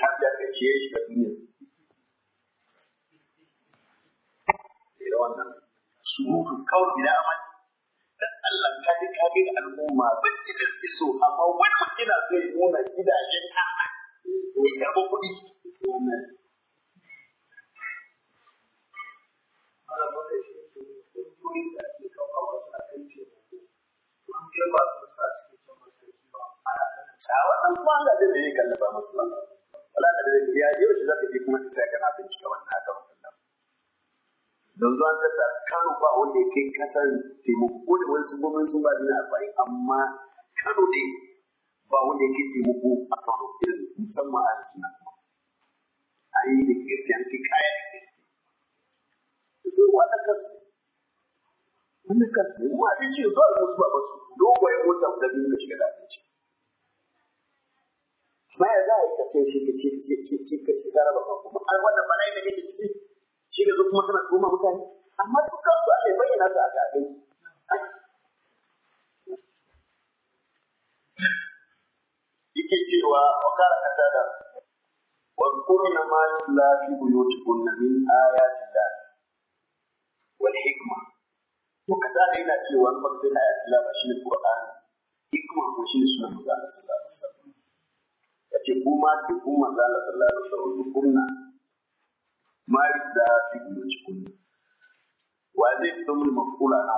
har da ka ciye shi ka duniya da wannan surutu kawai gida mani? dan Allah ka ji ka ga al'umma bacci da suke so amma wani mutum yana so ya nuna gidajen a'a ya ga kuɗi wannan a wannan kuma an gaje da yi kalli ba musu ba wala da da ya yau shi zaka je kuma ka sai kana bincika wannan aka wannan don zuwa ta ta Kano ba wanda ya kasar taimako da wasu gwamnati ba da arba'in amma Kano ne ba wanda ya taimako a Kano irin musamman a cikin an yi da gaskiya an kai kayan su wanda kansu wanda kansu ne mu abinci zuwa da musu ba su dogon mota da biyu da shiga da abinci baya za a yi kafin shi ka ce ce ce ce ka ce kuma wannan bana da ke ciki shi ne zo kuma kana mutane amma su kansu aka bayyana su a gaɗe yake cewa wa kara tada. واذكرن ما يتلى في بيوتكن من آيات الله wal hikma to kaza da yana cewa maksai na yatila ba shi ne qur'ani hikma ko shi ne sunan manzo Allah sallallahu alaihi wasallam yace kuma ce kuma manzo Allah sallallahu alaihi wasallam kunna ma da figuloci kunna wa zai tsamul mafula na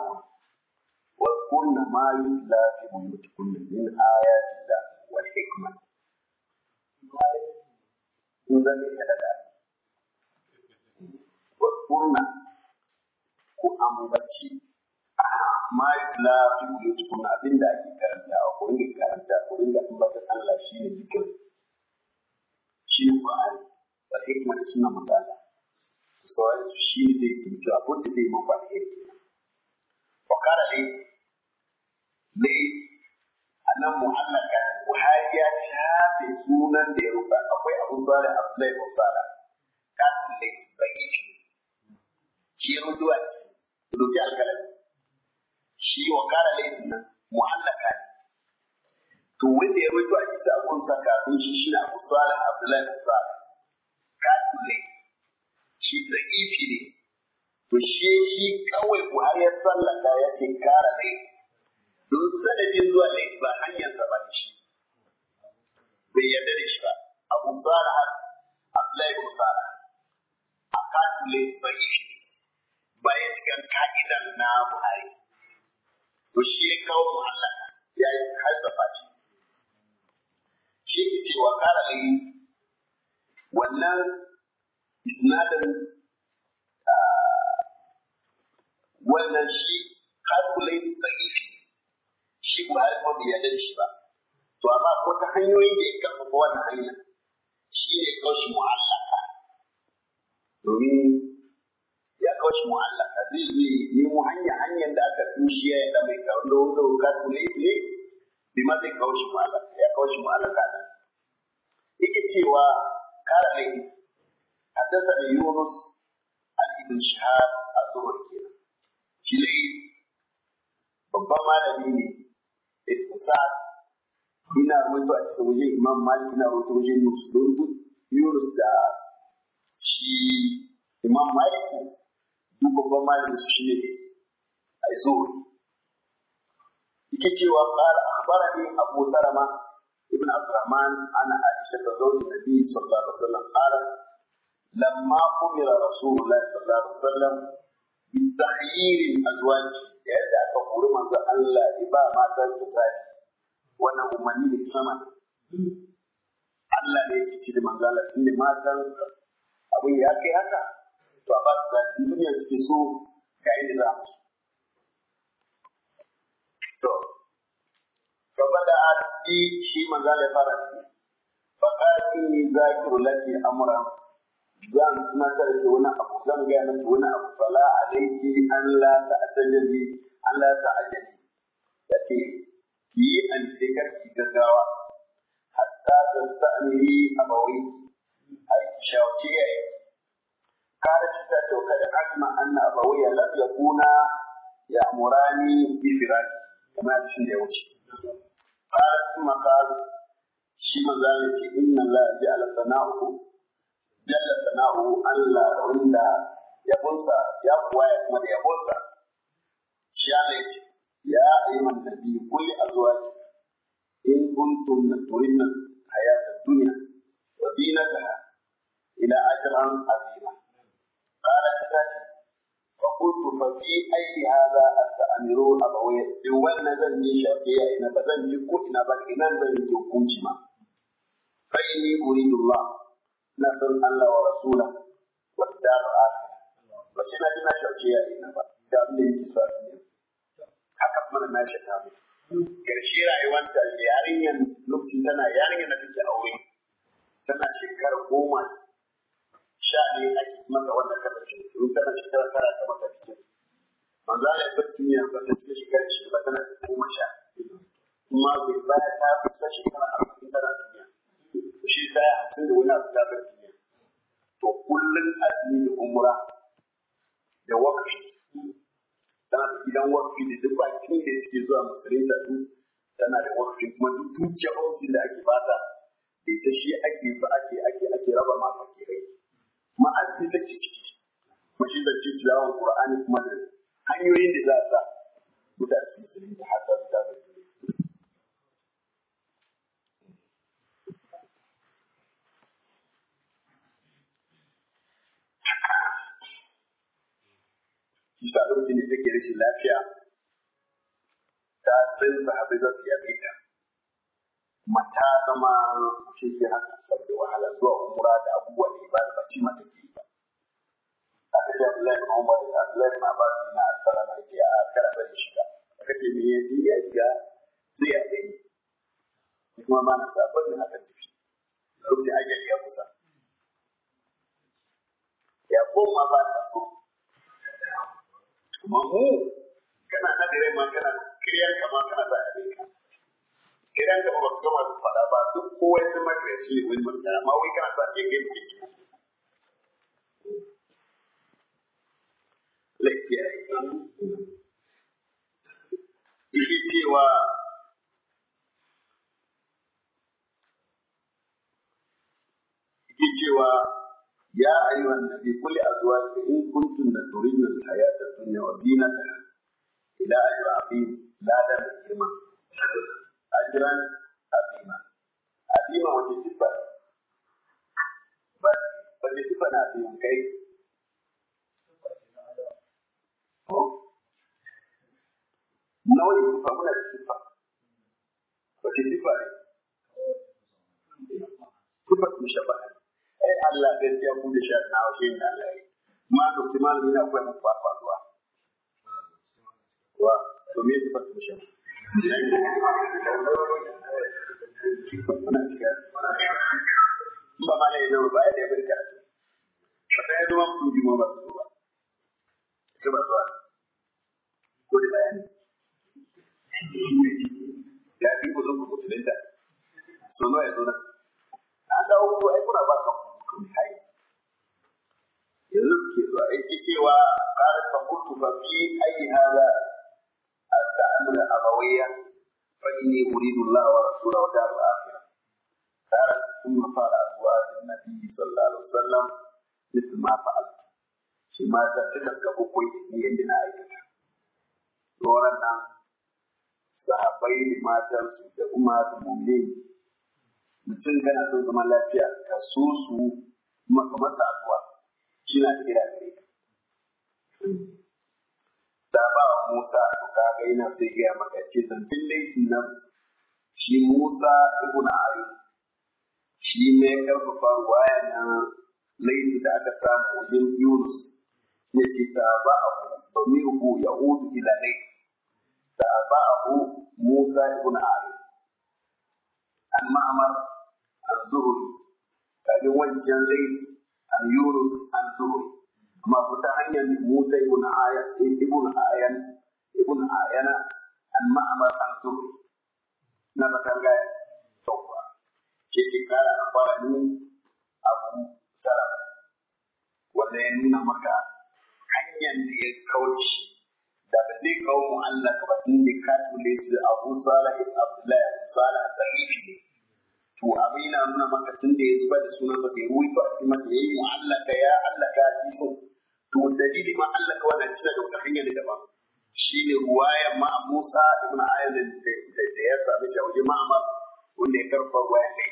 wani wa ku ambaci ma la tuke cikin abin da ake karanta a ku ringa karanta ku ringa ambatan Allah shi ne zikir shi ne Qur'ani wa hikma da sunna mutala sauran su shi ne zai kimci abin da zai mafa da yake wa kara ne ne annan mu'allaka Buhari ya shafe sunan da ya rubuta akwai Abu Salih Abdullahi Musa kan ne zaki shi ya rubuta a ciki rubuta shi wa kara laifin nan muhallaka ne to wanda ya rubuta a ciki abun sa kafin shi shi na Abu Salih Abdullahi bin Salih kafin ne shi da ifi ne to shi shi kawai Buhari ya sallaka ya ce kara laifin don sanadin zuwa laifin ba hanyar sa ba shi bai yarda da shi ba Abu a Abdullahi bin Salih a kafin laifin ba ifi baya cikin ka'idar na Buhari. To shi ya kawo muhallan ya yi harzafa shi. Shi ke cewa ƙara ne wannan isnadin wannan shi calculate tsagifi shi Buhari kuma bai yarda da shi ba. To amma ko ta hanyoyin da ya kafa wannan hanyar shi ne kawo shi mu'allaka domin ya kauce mu Allah ka zai nemo hanya hanyar da aka tushiya ya mai kawo da ka tule tule bi ma zai kauce mu Allah ya kauce mu Allah ka nan yake cewa kara laifi haddasa da Yunus an ibn Shihab az-Zuhri kenan shi ne babban malami ne istisar ina rubutu a cikin wajen Imam Malik ina rubutu wajen Yunus Yunus da shi Imam Malik Duk babban malamin su shi ne ai zuhuri yake cewa qala akhbarani abu salama ibn abdurrahman ana aisha ta zauni nabi sallallahu alaihi wasallam qala lamma umira rasulullahi sallallahu alaihi wasallam min tahyirin azwaj yadda aka kuri manzo Allah ba matan su tsari wannan umarni ne sama Allah ne ya kici da manzo Allah tunda matan abin ya kai haka to a ba su zaɓi duniyar suke so ga yadda za su to fa bada shi manzo ya fara fa qati zakiru laki amra zan tunatar da wani abu zan ga miki wani abu fala alayki an la ta'tajabi an la ta'jabi yace ki an shekar ki gaggawa hatta Har abawai ai shawci yayi قالت ستاتي وقد علم أن أبوي لم يكونا يأمراني بفراقي كما تشين يوجي قالت ثم قال شيء ذلك إن الله جعل ثناؤه جل ثناؤه ألا عند يبنسى يقوى يكمل يبنسى شانت يا أيها النبي قل لأزواجك إن كنتن تردن الحياة الدنيا وزينتها إلى أجر أن fi aiki hada astamiru abawai duk wannan zan yi shafi a ina ba zan yi ko ina ba ina zan yi hukunci ma fa inni uridullah na san Allah wa rasula wa dar ba sai na ji na shafi a ina ba da abin da yake sa haka mana na shata mu karshe rayuwar da yarinyar lokacin tana yarinyar da take aure tana shekara goma sha ne ake maka wannan kasance in tana shekara tara ta maka cikin manzo Allah ya bacci ne ba ta cikin shekara shi ba tana goma sha kuma bai baya ta kusa shekara arba'in tana duniya to shi ta yi hasin da wani abu ta bar duniya to kullum azumi da umra da wakafi tana da gidan wakafi da duk bakin da suke zuwa musulmi da duk tana da wakafi kuma duk dukiyar osin da ake bata da ita shi ake ba ake ake ake raba ma fakirai ma azumi take ciki kuma shi zance tilawan qur'ani kuma da hanyoyin da za a sa mutane su musulunta da za su dafa Isa lokacin da take rashin lafiya ta san sahabai za su yi ta. Mata zama shi ke haka sabbin wahala zuwa umura da da ibada ba ci mata ke ba. aka ce Abdullahi bin Umar da Abdullahi bin Abbas yana sallama yace a kada bari shiga aka ce me yace ya shiga sai ya gani kuma na sabon da haka tafi lokacin ajali ya kusa ya koma ba na so kuma mu kana hadire ma kana kiran kama kana da abinka kiran ka ba gama fada ba duk kowa ya zama kirashi ne wani magana ma wai kana sa ke gani ciki Allah kiyaye yake cewa yake cewa ya ayyuhan nabi kulli azwajika in kuntunna turidna al-hayata ad-dunya wa zinataha ila ajrin 'azim la da ajran azima azima sifa na azima kai ko nawa ne sifa muna da sifa wace sifa ne sifa kuma shafa ne ai Allah gaskiya da sha na washe ne Allah ya ma da kuma malami na wa to me sifa kuma shafa ba ma ne yau ba ya da ya barka a cikin. ta yi ba su ba. ba ko da bayani ya fi ku zo ku musulunta so nawa ya zo nan an dawo ku ai kuna ba kan kai yanzu ke zuwa aiki cewa qalat fa kuntu a fi ayi hada at-ta'amul abawiyya fa inni uridu Allah wa rasulahu wa dar al-akhirah qalat thumma fara azwaj an-nabi sallallahu alaihi wasallam مثل ما فعلت shi ma ta duka suka kokoyi ne yadda na aikata doron nan sahabai da matansu da kuma da mummuni mutum kana son zama lafiya ka so su maka masa addu'a kina kira gare ka da ba Musa to kaga yana sai ya maka ce zancin laifin nan shi Musa ibn Ali shi ne karfafa ruwaya na laifin da aka samu wajen Yunus ya ce ta ba ku, domin ku ya ila laifin da abu Musa ibn Ali an ma'amar al-Zuhri kaji wancan laisi an Yunus al-Zuhri amma fita hanyar Musa ibn Ayan ibn Ayan ibn Ayan an ma'amar na matanga tawwa ce ce kara a fara ni abu sarar wanda ya nuna maka hanyar da ya kauce da ba zai kawo mu'allaka ba inda ka tule su abu salah ibn abdullahi abu salah zarifi ne to abin yana nuna maka tun da ya zuba da sunansa bai wuri ba sai maka yayi mu'allaka ya allaka hadisin to dalili ma allaka wannan cina da wata da ne Shi ne ruwaya ma Musa ibn Ayyad da ya sami shi a wajen Ma'amar wanda ya karfa ruwaya ne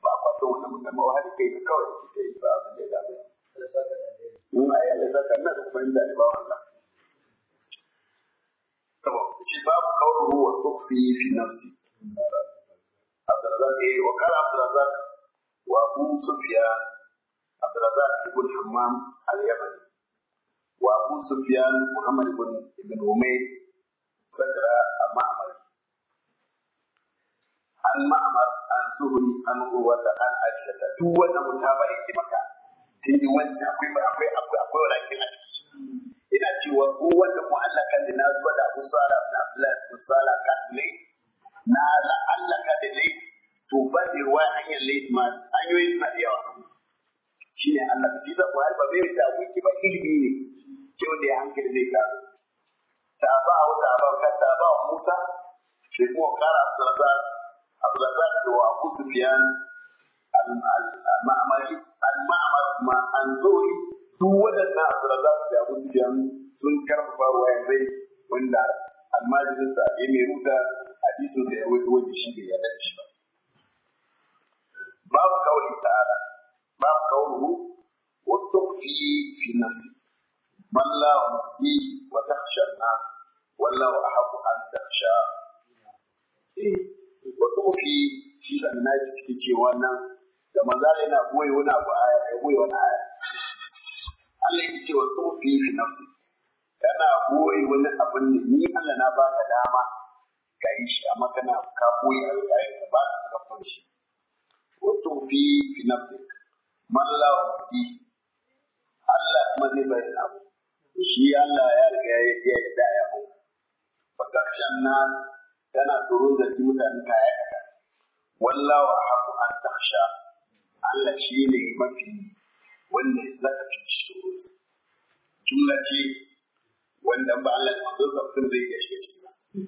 ba kwasan son wannan mutum ba wahali kai kawai da ke ba abin da ya dame إذا كان لازم فهم ذلك ولا طبعا الشباب قوله هو تخفي في نفسي عبد الرزاق إيه وقال عبد الرزاق وأبو سفيان عبد الرزاق بن حمام اليمني وأبو سفيان محمد بن بن عمير صدر المعمر عن معمر عن زهري عن قوة عن عائشة دون متابعة مكان sai dai wancan akwai akwai akwai akwai a ciki ina cewa ko wanda mu Allah kan da na da Abu na Abdullah bin Salam kan ne na la'allaka da lai to ba da ruwa hanyar lai ma hanyoyi suna da yawa shi ne Allah shi sa Buhari ba bai da aboki ba ilimi ne sai wanda ya hankali zai karo ta ba wa ta ba ka ta ba Musa sai kuma kara Abdulrazak Abdulrazak da Abu Sufyan al-ma'amari al-ma'amar kuma an zori duk waɗannan abdurazak da abu sufiyan sun karfafa ruwayan rai wanda almajirinsa ya mai ruta hadisinsa ya wani wanda shi bai yarda da shi ba babu kawai ta'ala babu kawai wa tukfi fi nafsi man la bi wa tahsha an wallahu ahqqu an tahsha eh wasu mafi shi sannan ya ciki ce wannan da manzala yana goyi wani abu a ya goyi wani aya Allah ya ce wasu mafi fi nafsi kana goyi wani abu ne ni Allah na baka dama ka yi shi amma kana ka goyi a yayin da ba ka kafar shi wasu mafi fi nafsi mallahu fi Allah kuma zai bari abu shi Allah ya riga ya yi da ya hu fa kashan nan Kana tsoron zargi mutane ka ya kaɗa wallahu a haku an taksha Allah shi ne mafi wanda zaka fi tsoro jumla ce wanda ba Allah da manzon sa kuma zai iya shiga ciki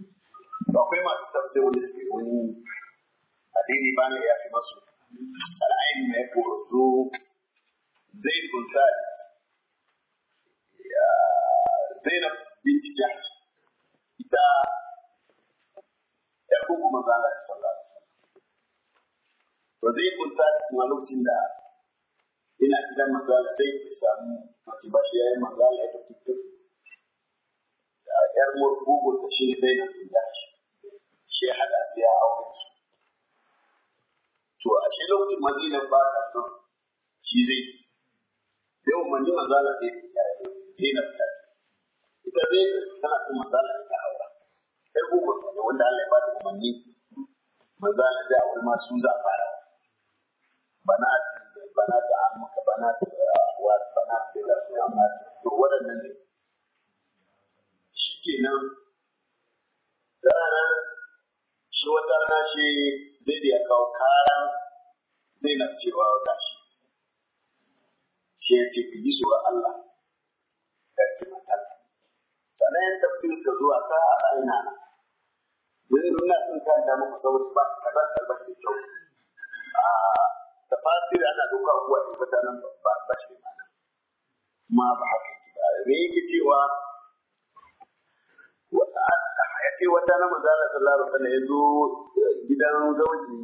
ba akwai masu tafsir wanda suke wani addini ba ne ya fi masu al'ayin mai koroso zai bin sa'ad zainab bin jahsh ita yar kuma manzo Allah sallallahu alaihi wasallam to zai kunta kuma lokacin da ina gidan manzo Allah zai samu mace ba shi yayin manzo Allah ya tafi da yar murbugun ta shi zai na kunta shi shi hada sai ya aure su to a shi lokacin madina ba ta son shi zai yau manzo Allah zai zai na ita zai tana son manzo Allah ta aure kai ko da wanda Allah ya ba da umarni manzo Allah ya aure ma su za ba. bana bana da amka bana da wa bana da su amma to waɗannan ne shikenan da ranar shi wata rana ce zai iya kawo kara zai na cewa gashi shi ya ce ku yi tsoron Allah sannan yan tafsir suka zuwa ta aina na yanzu nuna sun kanta muku sauri ba zan kaza da kyau da fasiri ana doka kuwa in ba nan ba shi ma ma ba haka me yake cewa ya ce wata na manzana sallallahu alaihi wasallam ya zo gidan zauji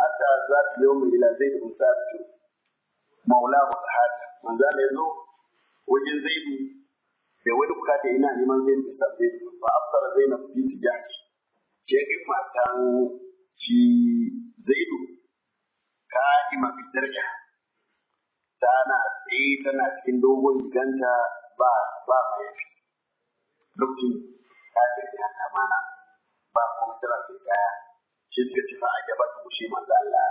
hatta za ta yau mai ila zai da musa maula ba mu hada manzana ya zo wajen zaidu da wani bukata ina neman zai bisa zai ba a afsara zai na binti jahash ce ga matan ci zaidu ka ima fitarka tana tsaye tana cikin dogon giganta ba ba mayafi lokacin ta ce ya kamana ba kuma tana ce kaya shi suka ci fa a gaba ta bushe manzo Allah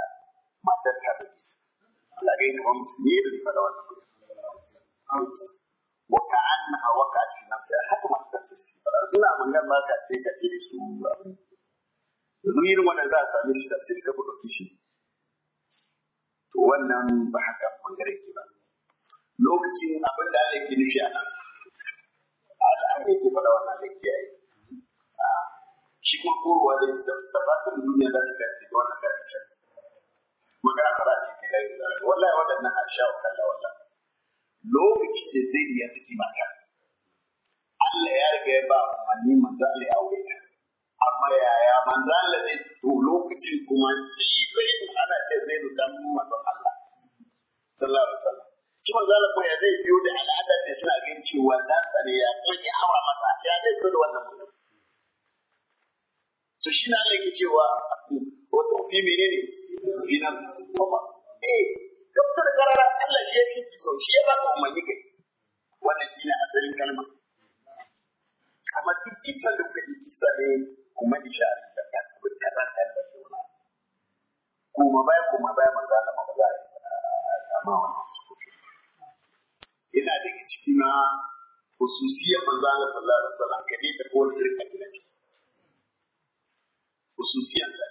matar ta da Allah ga ina musulmi da fara wannan وكأنها وقعت في نفسها حتى ما تفسير ina magana ba ka ce ka ce da su domin irin wannan za a same shi tafsir ka buɗe shi to wannan ba haka bangare ke ba lokacin abin da ake nufi a nan al'ada ke fara wannan da kiyaye shi kuma korowa da da duniya za ta kace da wannan kace magana fara ce ke da wallahi wadannan a sha wa kalla wallahi lokacin da zai ya saki maka. Allah ya riga ya ba amfani manzo Allah ya aure ta amma yaya manzo Allah ne to lokacin kuma sai zai ana ce zai da manzo Allah sallallahu alaihi wasallam shi manzo Allah ko ya zai biyo da al'ada da suna ganin cewa dan tsare ya kwaje awa masa ya zai biyo da wannan mutum to shi na Allah ke cewa wato fi menene dinar kuma eh fito da karara Allah shi ya fiki so shi ya baka umarni kai wannan shi ne asalin kalma amma duk kisan da kuka yi kisa ne kuma ishari da ta kuma ta ba ta ba kuma bai kuma bai ma ba wannan su ina daga ciki na hususiyar manzo Allah sallallahu alaihi wasallam kane da kowane irin kabila hususiyar sa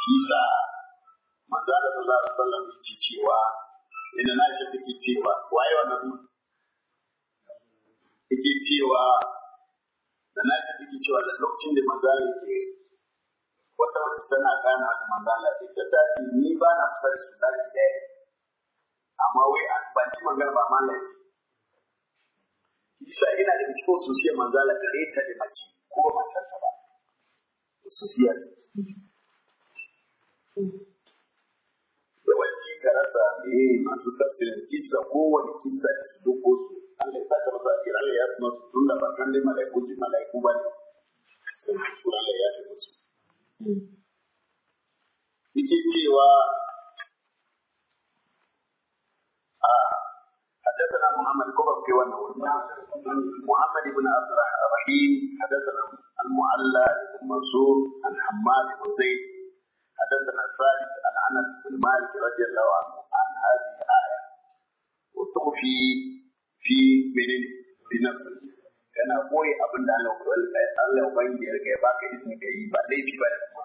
shi sa manzo Allah sallallahu alaihi wasallam yake cewa inna cewa waye wannan yake cewa da na cewa da lokacin da manzo Allah wata wacce tana gana da manzo Allah ita ta ni ba na kusa su amma wai ban magana ba mallam isa ina da cikin sosiyar manzo Allah da ta da mace ko matarsa ba sosiyar Thank you. yawanci ka rasa ne masu tafsirin kisa kowane kisa da su duk su Allah ya saka masa kira ya kuma su da bakan da mala'iku ji mala'iku ba ne Allah ya fi musu yake cewa a حدثنا محمد كبر في محمد بن عبد الرحيم حدثنا المعلى بن منصور عن حماد بن زيد حدثنا الثالث عن انس بن مالك رضي الله عنه عن هذه الايه وتخفي في من في نفسك kana koyi abin da Allah Ubangiji ya ya baka izini ka yi ba laifi ba da kuma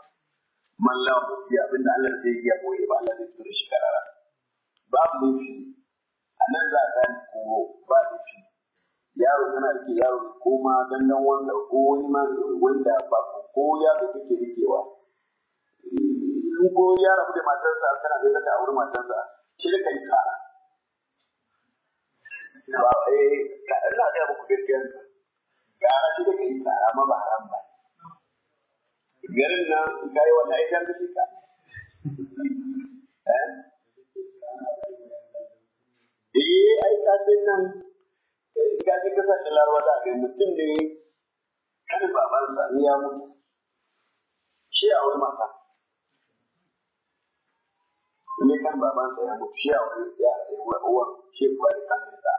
man lawa mutu abin da Allah zai iya koyi ba Allah zai tura shi karara babu a nan za a gane yaro kana rike yaro ko ma dandan wanda ko wani ma wanda ba ko yaro kake rikewa in ko ya rabu da matarsa kana da zaka auri matarsa shi da kai ka ba eh ka Allah ya muku gaskiya gara shi da kai ka amma ba haram ba garin nan kai wanda ai kan shi ka eh eh ai ka san nan ga eh, ji kasa da larwa da kai mutum ne kan babansa ya mutu shi a wurin matarsa. ne kan babansa ya mutu shi a wani ya wa uwan shi kuwa da kansa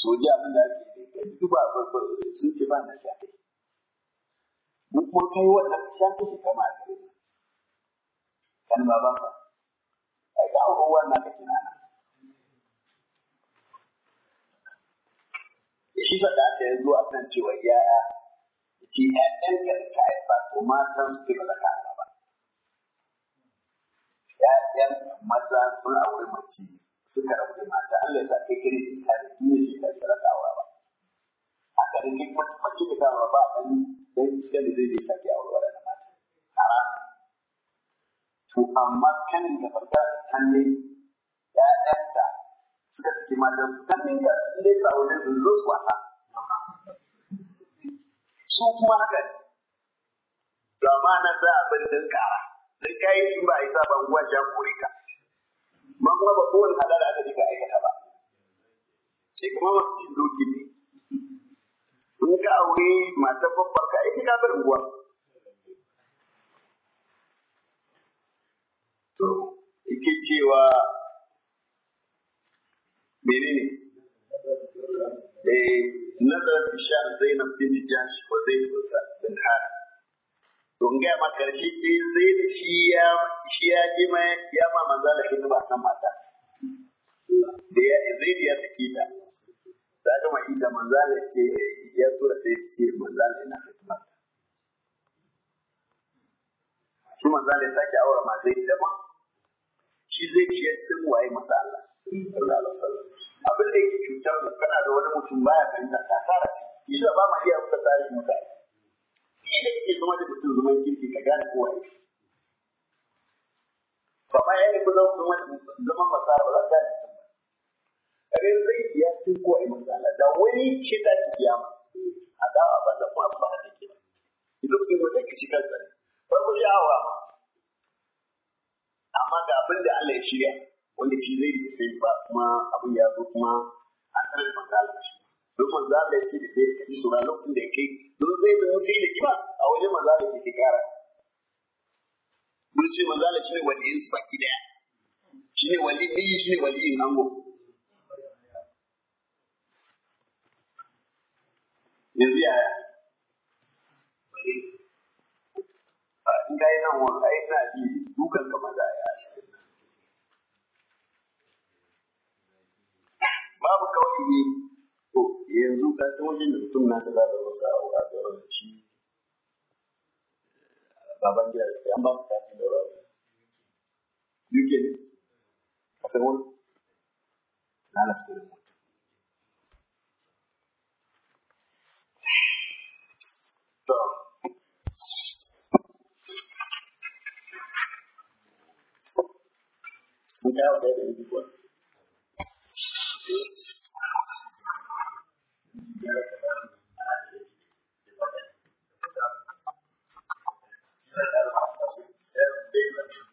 soja abin da ake yi ka ji duba babban sun ce ban da shafi mun kuma kai wannan shafi shi kama a gare kan ga na kake na nan shi sa da zuwa kan cewa yaya ce ɗan ka da ka haifa to matan su ke Ya'yan maza sun aure mace suka rabu da mata Allah ya sa kai kare ka da duniya shi ka tsara dawa ba a kare kai mace da dawa ba dan dan da zai je sake aure da mata haram to amma kanin da farka da kanin ƴaƴanta suka saki matan su kanin da sun dai ka aure su zo su wasa su kuma haka ne to amma nan za a bari dan kara dan kai shi ba a yi saba uwa shi an kore ka ba ba kowane halala aka jika aikata ba sai kuma masu cin doki ne in ka aure matar babban ka aiki ka bar uwa to yake cewa menene eh nazar bishar zainab binti jahsh wa zainab bin harith to in gaya maka zai eh, shi ya shi ya je ma ya ma manzo da kin ba kan mata da ya zai ya saki ta ta gama ita manzo da ce ya tura sai su ce manzo da yana fitna shi manzo da sake aure ma zai da shi zai shi ya waye manzo Allah sallallahu alaihi wasallam abin da yake cutar kana da wani mutum baya fahimta kasara ce kisa ba ma iya fita tarihi mutane inda kake zama da mutum zaman kirki ka gane kowa ne ba ba yayi ku zama zaman zaman masara ba za ka gane mutum ba rai ya cin kowa ne misala da wani ce ta shi kiyama a dawa ba da kuma ba da ke idan mutum ba zai kici kansa ne farko shi awa amma ga abin da Allah ya shirya wanda shi zai sai ba kuma abin ya zo kuma an tsare da don manza da ya ce da kai ka ji lokacin da ya kai don zai zama sai da kima a wajen manza da ke kara mun ce da shi ne wani su baki daya yi shi ni wani yin ango yanzu yaya in yi nan wani ai na ji dukan ka maza ya babu kawai ne yanzu ka san wajen da mutum na sa da wasu a garin shi eh, baban gida da an ba mu kafin da rawa UK ne a san wani lalata da mutum to Mun kawo da yadda ya Thank you.